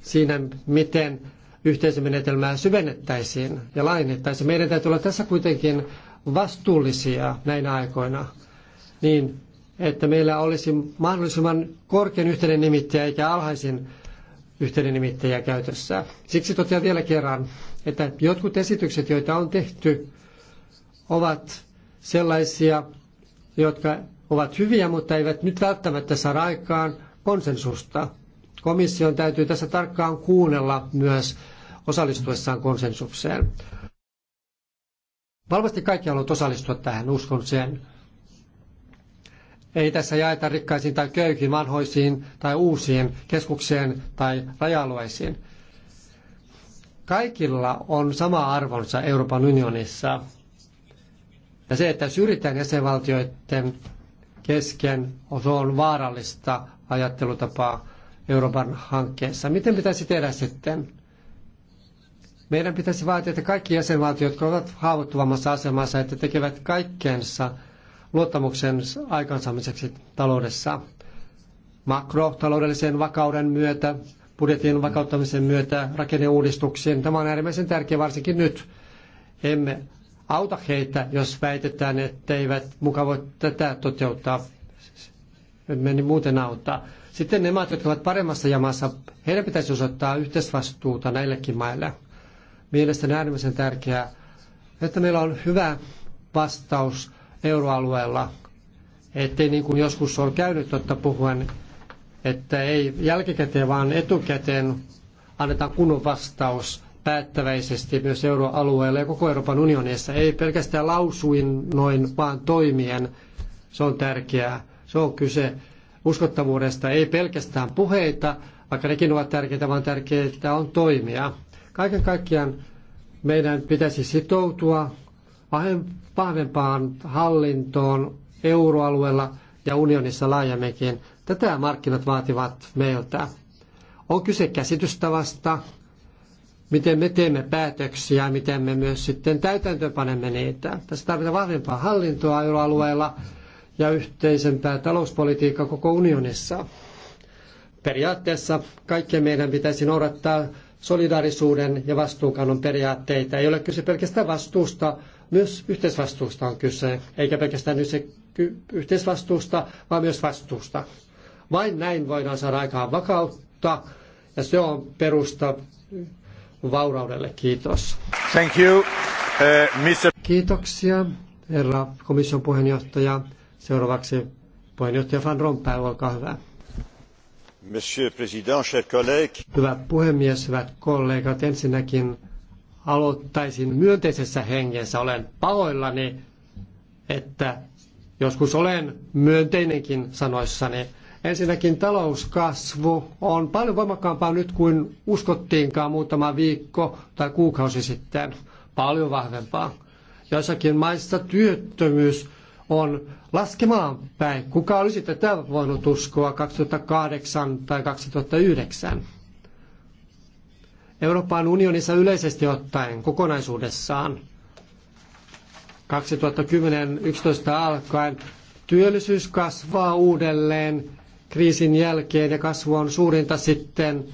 siinä, miten yhteisömenetelmää syvennettäisiin ja laajennettaisiin. Meidän täytyy olla tässä kuitenkin vastuullisia näinä aikoina, niin että meillä olisi mahdollisimman korkein yhteinen nimittäjä eikä alhaisin yhteinen nimittäjä käytössä. Siksi totean vielä kerran, että jotkut esitykset, joita on tehty, ovat sellaisia, jotka ovat hyviä, mutta eivät nyt välttämättä saa aikaan konsensusta. Komission täytyy tässä tarkkaan kuunnella myös osallistuessaan konsensukseen. Valvasti kaikki haluavat osallistua tähän, uskon sen. Ei tässä jaeta rikkaisiin tai köyhiin, vanhoisiin tai uusiin keskukseen tai raja-alueisiin. Kaikilla on sama arvonsa Euroopan unionissa. Ja se, että syrjitään jäsenvaltioiden kesken, se on vaarallista ajattelutapaa Euroopan hankkeessa. Miten pitäisi tehdä sitten? Meidän pitäisi vaatia, että kaikki jäsenvaltiot, jotka ovat haavoittuvammassa asemassa, että tekevät kaikkensa luottamuksen aikaansaamiseksi taloudessa. Makrotaloudellisen vakauden myötä, budjetin vakauttamisen myötä, rakenneuudistuksiin. Tämä on äärimmäisen tärkeä varsinkin nyt. Emme auta heitä, jos väitetään, että eivät muka voi tätä toteuttaa. Emme niin muuten auttaa. Sitten ne maat, jotka ovat paremmassa jamassa, heidän pitäisi osoittaa yhteisvastuuta näillekin maille. Mielestäni äärimmäisen tärkeää, että meillä on hyvä vastaus euroalueella, ettei niin kuin joskus on käynyt totta puhuen, että ei jälkikäteen vaan etukäteen annetaan kunnon vastaus päättäväisesti myös euroalueella ja koko Euroopan unionissa. Ei pelkästään lausuin noin, vaan toimien. Se on tärkeää. Se on kyse uskottavuudesta. Ei pelkästään puheita, vaikka nekin ovat tärkeitä, vaan tärkeää on toimia. Kaiken kaikkiaan meidän pitäisi sitoutua vahvempaan hallintoon euroalueella ja unionissa laajemminkin. Tätä markkinat vaativat meiltä. On kyse käsitystavasta, miten me teemme päätöksiä, miten me myös sitten täytäntöönpanemme niitä. Tässä tarvitaan vahvempaa hallintoa euroalueella ja yhteisempää talouspolitiikkaa koko unionissa. Periaatteessa kaikkien meidän pitäisi noudattaa solidaarisuuden ja vastuukannon periaatteita. Ei ole kyse pelkästään vastuusta, myös yhteisvastuusta on kyse, eikä pelkästään yhteisvastuusta, vaan myös vastuusta. Vain näin voidaan saada aikaan vakautta, ja se on perusta vauraudelle. Kiitos. Thank you, uh, Mr. Kiitoksia, herra komission puheenjohtaja. Seuraavaksi puheenjohtaja Van Rompuy, olkaa hyvä. Monsieur chers collègues. Hyvä puhemies, hyvät kollegat. Ensinnäkin aloittaisin myönteisessä hengessä. Olen pahoillani, että joskus olen myönteinenkin sanoissani. Ensinnäkin talouskasvu on paljon voimakkaampaa nyt kuin uskottiinkaan muutama viikko tai kuukausi sitten. Paljon vahvempaa. Joissakin maissa työttömyys on laskemaan päin. Kuka olisi tätä voinut uskoa 2008 tai 2009? Euroopan unionissa yleisesti ottaen kokonaisuudessaan 2010-2011 alkaen työllisyys kasvaa uudelleen kriisin jälkeen ja kasvu on suurinta sitten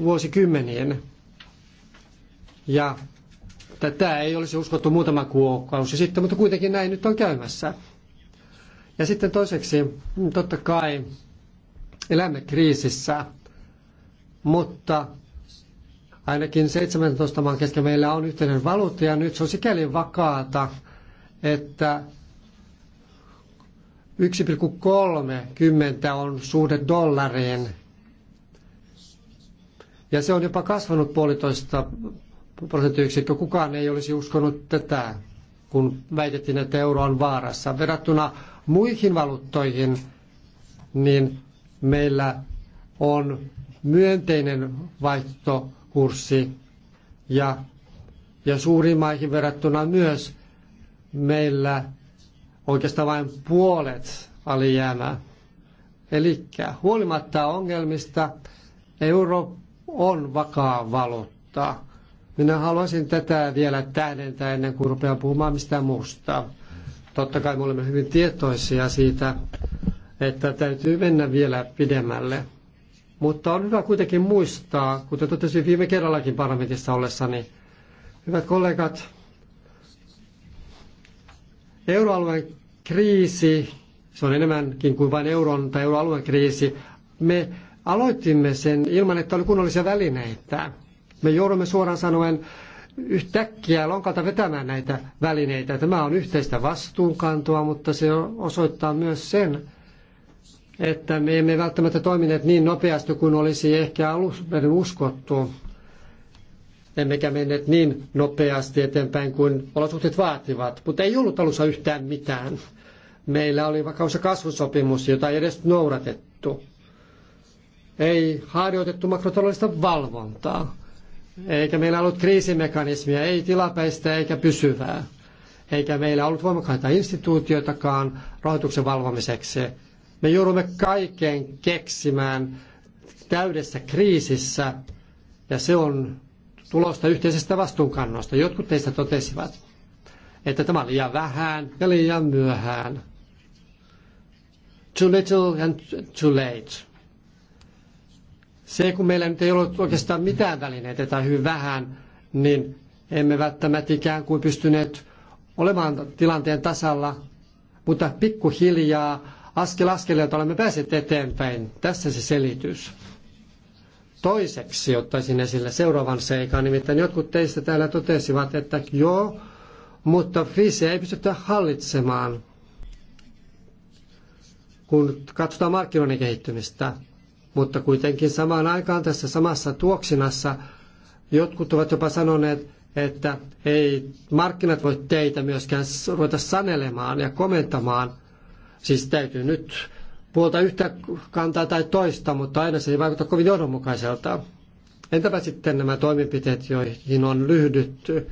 vuosikymmeniin. Ja Tätä ei olisi uskottu muutama kuukausi sitten, mutta kuitenkin näin nyt on käymässä. Ja sitten toiseksi, totta kai elämme kriisissä, mutta ainakin 17 maan kesken meillä on yhteinen valuutta ja nyt se on sikäli vakaata, että 1,30 on suhde dollariin. Ja se on jopa kasvanut puolitoista prosenttiyksikkö. Kukaan ei olisi uskonut tätä, kun väitettiin, että euro on vaarassa. Verrattuna muihin valuuttoihin, niin meillä on myönteinen vaihtokurssi ja, ja suuriin maihin verrattuna myös meillä oikeastaan vain puolet alijäämää. Eli huolimatta ongelmista euro on vakaa valuutta. Minä haluaisin tätä vielä tähdentää ennen kuin rupean puhumaan mistään muusta. Totta kai me olemme hyvin tietoisia siitä, että täytyy mennä vielä pidemmälle. Mutta on hyvä kuitenkin muistaa, kuten totesin viime kerrallakin parlamentissa ollessani, hyvät kollegat, euroalueen kriisi, se on enemmänkin kuin vain euron tai euroalueen kriisi, me aloitimme sen ilman, että oli kunnollisia välineitä. Me joudumme suoraan sanoen yhtäkkiä lonkalta vetämään näitä välineitä. Tämä on yhteistä vastuunkantoa, mutta se osoittaa myös sen, että me emme välttämättä toimineet niin nopeasti kuin olisi ehkä alusten uskottu. Emmekä menneet niin nopeasti eteenpäin kuin olosuhteet vaativat, mutta ei ollut alussa yhtään mitään. Meillä oli vakaus- ja kasvusopimus, jota ei edes noudatettu. Ei harjoitettu makrotaloudellista valvontaa. Eikä meillä ollut kriisimekanismia, ei tilapäistä eikä pysyvää. Eikä meillä ollut voimakkaita instituutioitakaan rahoituksen valvomiseksi. Me joudumme kaiken keksimään täydessä kriisissä ja se on tulosta yhteisestä vastuunkannosta. Jotkut teistä totesivat, että tämä on liian vähän ja liian myöhään. Too little and too late. Se, kun meillä nyt ei ollut oikeastaan mitään välineitä tai hyvin vähän, niin emme välttämättä ikään kuin pystyneet olemaan tilanteen tasalla, mutta pikkuhiljaa askel askeleelta olemme päässeet eteenpäin. Tässä se selitys. Toiseksi ottaisin esille seuraavan seikan, nimittäin jotkut teistä täällä totesivat, että joo, mutta kriisiä ei pystytä hallitsemaan, kun katsotaan markkinoiden kehittymistä. Mutta kuitenkin samaan aikaan tässä samassa tuoksinassa jotkut ovat jopa sanoneet, että ei markkinat voi teitä myöskään ruveta sanelemaan ja komentamaan. Siis täytyy nyt puolta yhtä kantaa tai toista, mutta aina se ei vaikuta kovin johdonmukaiselta. Entäpä sitten nämä toimenpiteet, joihin on lyhdytty?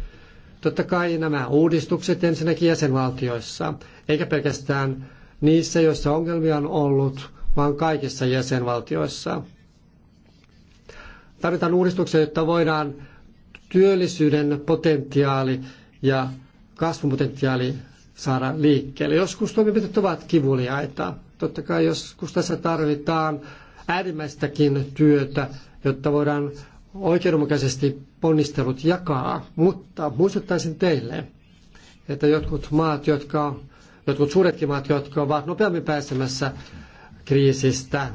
Totta kai nämä uudistukset ensinnäkin jäsenvaltioissa, eikä pelkästään niissä, joissa ongelmia on ollut, vaan kaikissa jäsenvaltioissa. Tarvitaan uudistuksia, jotta voidaan työllisyyden potentiaali ja kasvupotentiaali saada liikkeelle. Joskus toimenpiteet ovat kivuliaita. Totta kai joskus tässä tarvitaan äärimmäistäkin työtä, jotta voidaan oikeudenmukaisesti ponnistelut jakaa. Mutta muistuttaisin teille, että jotkut maat, jotka, jotkut suuretkin maat, jotka ovat nopeammin pääsemässä kriisistä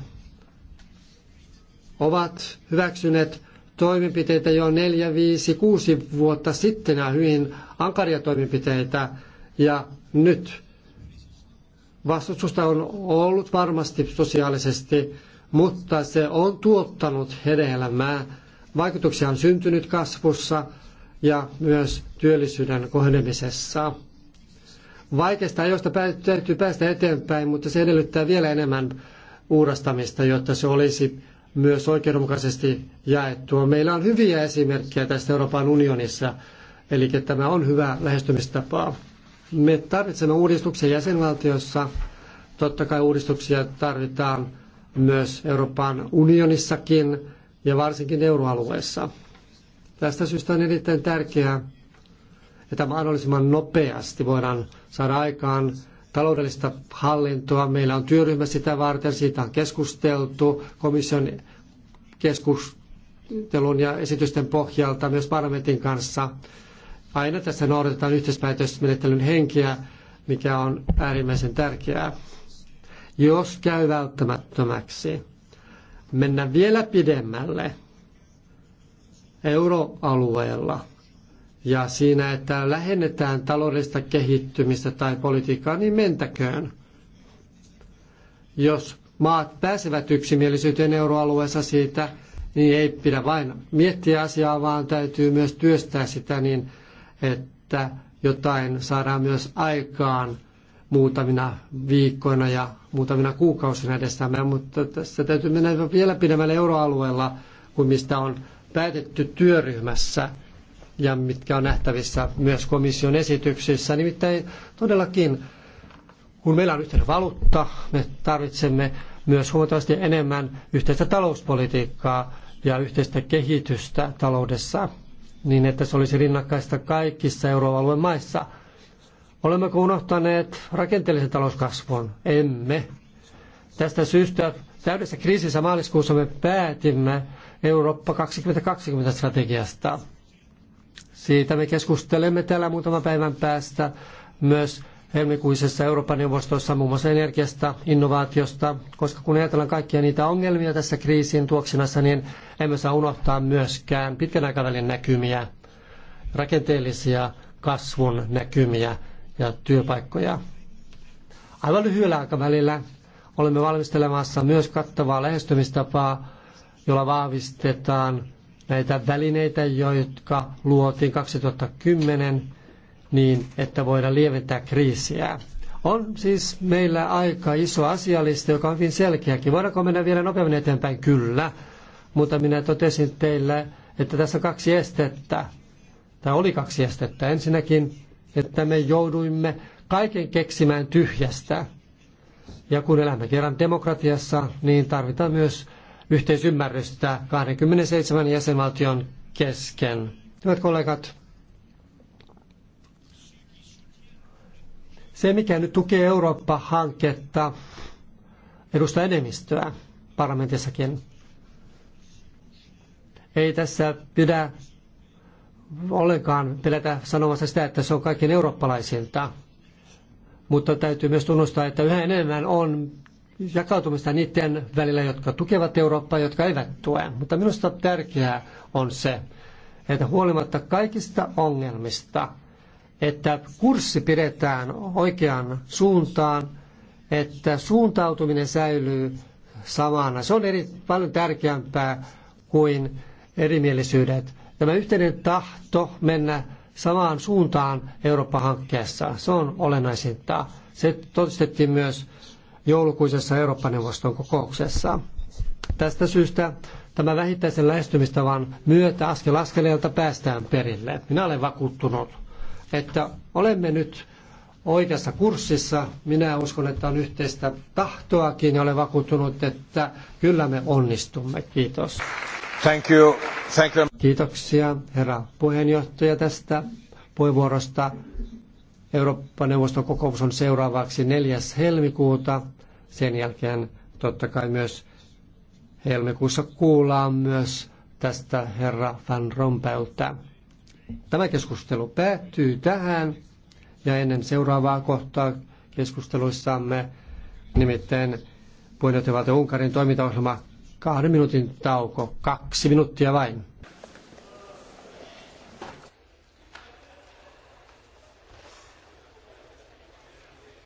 ovat hyväksyneet toimenpiteitä jo neljä, viisi, kuusi vuotta sitten ja hyvin ankaria toimenpiteitä. Ja nyt vastustusta on ollut varmasti sosiaalisesti, mutta se on tuottanut hedelmää. Vaikutuksia on syntynyt kasvussa ja myös työllisyyden kohenemisessa. Vaikeista ajoista täytyy päästä eteenpäin, mutta se edellyttää vielä enemmän uurastamista, jotta se olisi myös oikeudenmukaisesti jaettua. Meillä on hyviä esimerkkejä tästä Euroopan unionissa, eli tämä on hyvä lähestymistapa. Me tarvitsemme uudistuksia jäsenvaltioissa. Totta kai uudistuksia tarvitaan myös Euroopan unionissakin ja varsinkin euroalueessa. Tästä syystä on erittäin tärkeää, että mahdollisimman nopeasti voidaan saada aikaan taloudellista hallintoa. Meillä on työryhmä sitä varten, siitä on keskusteltu komission keskustelun ja esitysten pohjalta myös parlamentin kanssa. Aina tässä noudatetaan yhteispäätösmenettelyn henkeä, mikä on äärimmäisen tärkeää. Jos käy välttämättömäksi mennä vielä pidemmälle euroalueella – ja siinä, että lähennetään taloudellista kehittymistä tai politiikkaa, niin mentäköön. Jos maat pääsevät yksimielisyyteen euroalueessa siitä, niin ei pidä vain miettiä asiaa, vaan täytyy myös työstää sitä niin, että jotain saadaan myös aikaan muutamina viikkoina ja muutamina kuukausina edessämme, mutta tässä täytyy mennä vielä pidemmälle euroalueella kuin mistä on päätetty työryhmässä – ja mitkä on nähtävissä myös komission esityksissä. Nimittäin todellakin, kun meillä on yhteinen valuutta, me tarvitsemme myös huomattavasti enemmän yhteistä talouspolitiikkaa ja yhteistä kehitystä taloudessa, niin että se olisi rinnakkaista kaikissa euroalueen maissa. Olemmeko unohtaneet rakenteellisen talouskasvun? Emme. Tästä syystä täydessä kriisissä maaliskuussa me päätimme Eurooppa 2020 strategiasta – siitä me keskustelemme täällä muutaman päivän päästä myös helmikuisessa Euroopan neuvostossa muun muassa energiasta, innovaatiosta, koska kun ajatellaan kaikkia niitä ongelmia tässä kriisin tuoksinassa, niin emme saa unohtaa myöskään pitkän aikavälin näkymiä, rakenteellisia kasvun näkymiä ja työpaikkoja. Aivan lyhyellä aikavälillä olemme valmistelemassa myös kattavaa lähestymistapaa, jolla vahvistetaan näitä välineitä, jotka luotiin 2010, niin että voidaan lieventää kriisiä. On siis meillä aika iso asialista, joka on hyvin selkeäkin. Voidaanko mennä vielä nopeammin eteenpäin? Kyllä. Mutta minä totesin teille, että tässä on kaksi estettä. Tai oli kaksi estettä. Ensinnäkin, että me jouduimme kaiken keksimään tyhjästä. Ja kun elämme kerran demokratiassa, niin tarvitaan myös yhteisymmärrystä 27 jäsenvaltion kesken. Hyvät kollegat, se mikä nyt tukee Eurooppa-hanketta edustaa enemmistöä parlamentissakin. Ei tässä pidä ollenkaan pelätä sanomassa sitä, että se on kaikkien eurooppalaisilta. Mutta täytyy myös tunnustaa, että yhä enemmän on jakautumista niiden välillä, jotka tukevat Eurooppaa, ja jotka eivät tue. Mutta minusta tärkeää on se, että huolimatta kaikista ongelmista, että kurssi pidetään oikeaan suuntaan, että suuntautuminen säilyy samana. Se on eri, paljon tärkeämpää kuin erimielisyydet. Tämä yhteinen tahto mennä samaan suuntaan Eurooppa-hankkeessa, se on olennaisinta. Se todistettiin myös joulukuisessa Eurooppa-neuvoston kokouksessa. Tästä syystä tämä vähittäisen lähestymistavan myötä askel askeleelta päästään perille. Minä olen vakuuttunut, että olemme nyt oikeassa kurssissa. Minä uskon, että on yhteistä tahtoakin ja olen vakuuttunut, että kyllä me onnistumme. Kiitos. Thank you. Thank you. Kiitoksia herra puheenjohtaja tästä puheenvuorosta. Eurooppa-neuvoston kokous on seuraavaksi 4. helmikuuta. Sen jälkeen totta kai myös helmikuussa kuullaan myös tästä herra Van Rompeltä. Tämä keskustelu päättyy tähän ja ennen seuraavaa kohtaa keskusteluissamme nimittäin puheenjohtajavaltio Unkarin toimintaohjelma kahden minuutin tauko, kaksi minuuttia vain.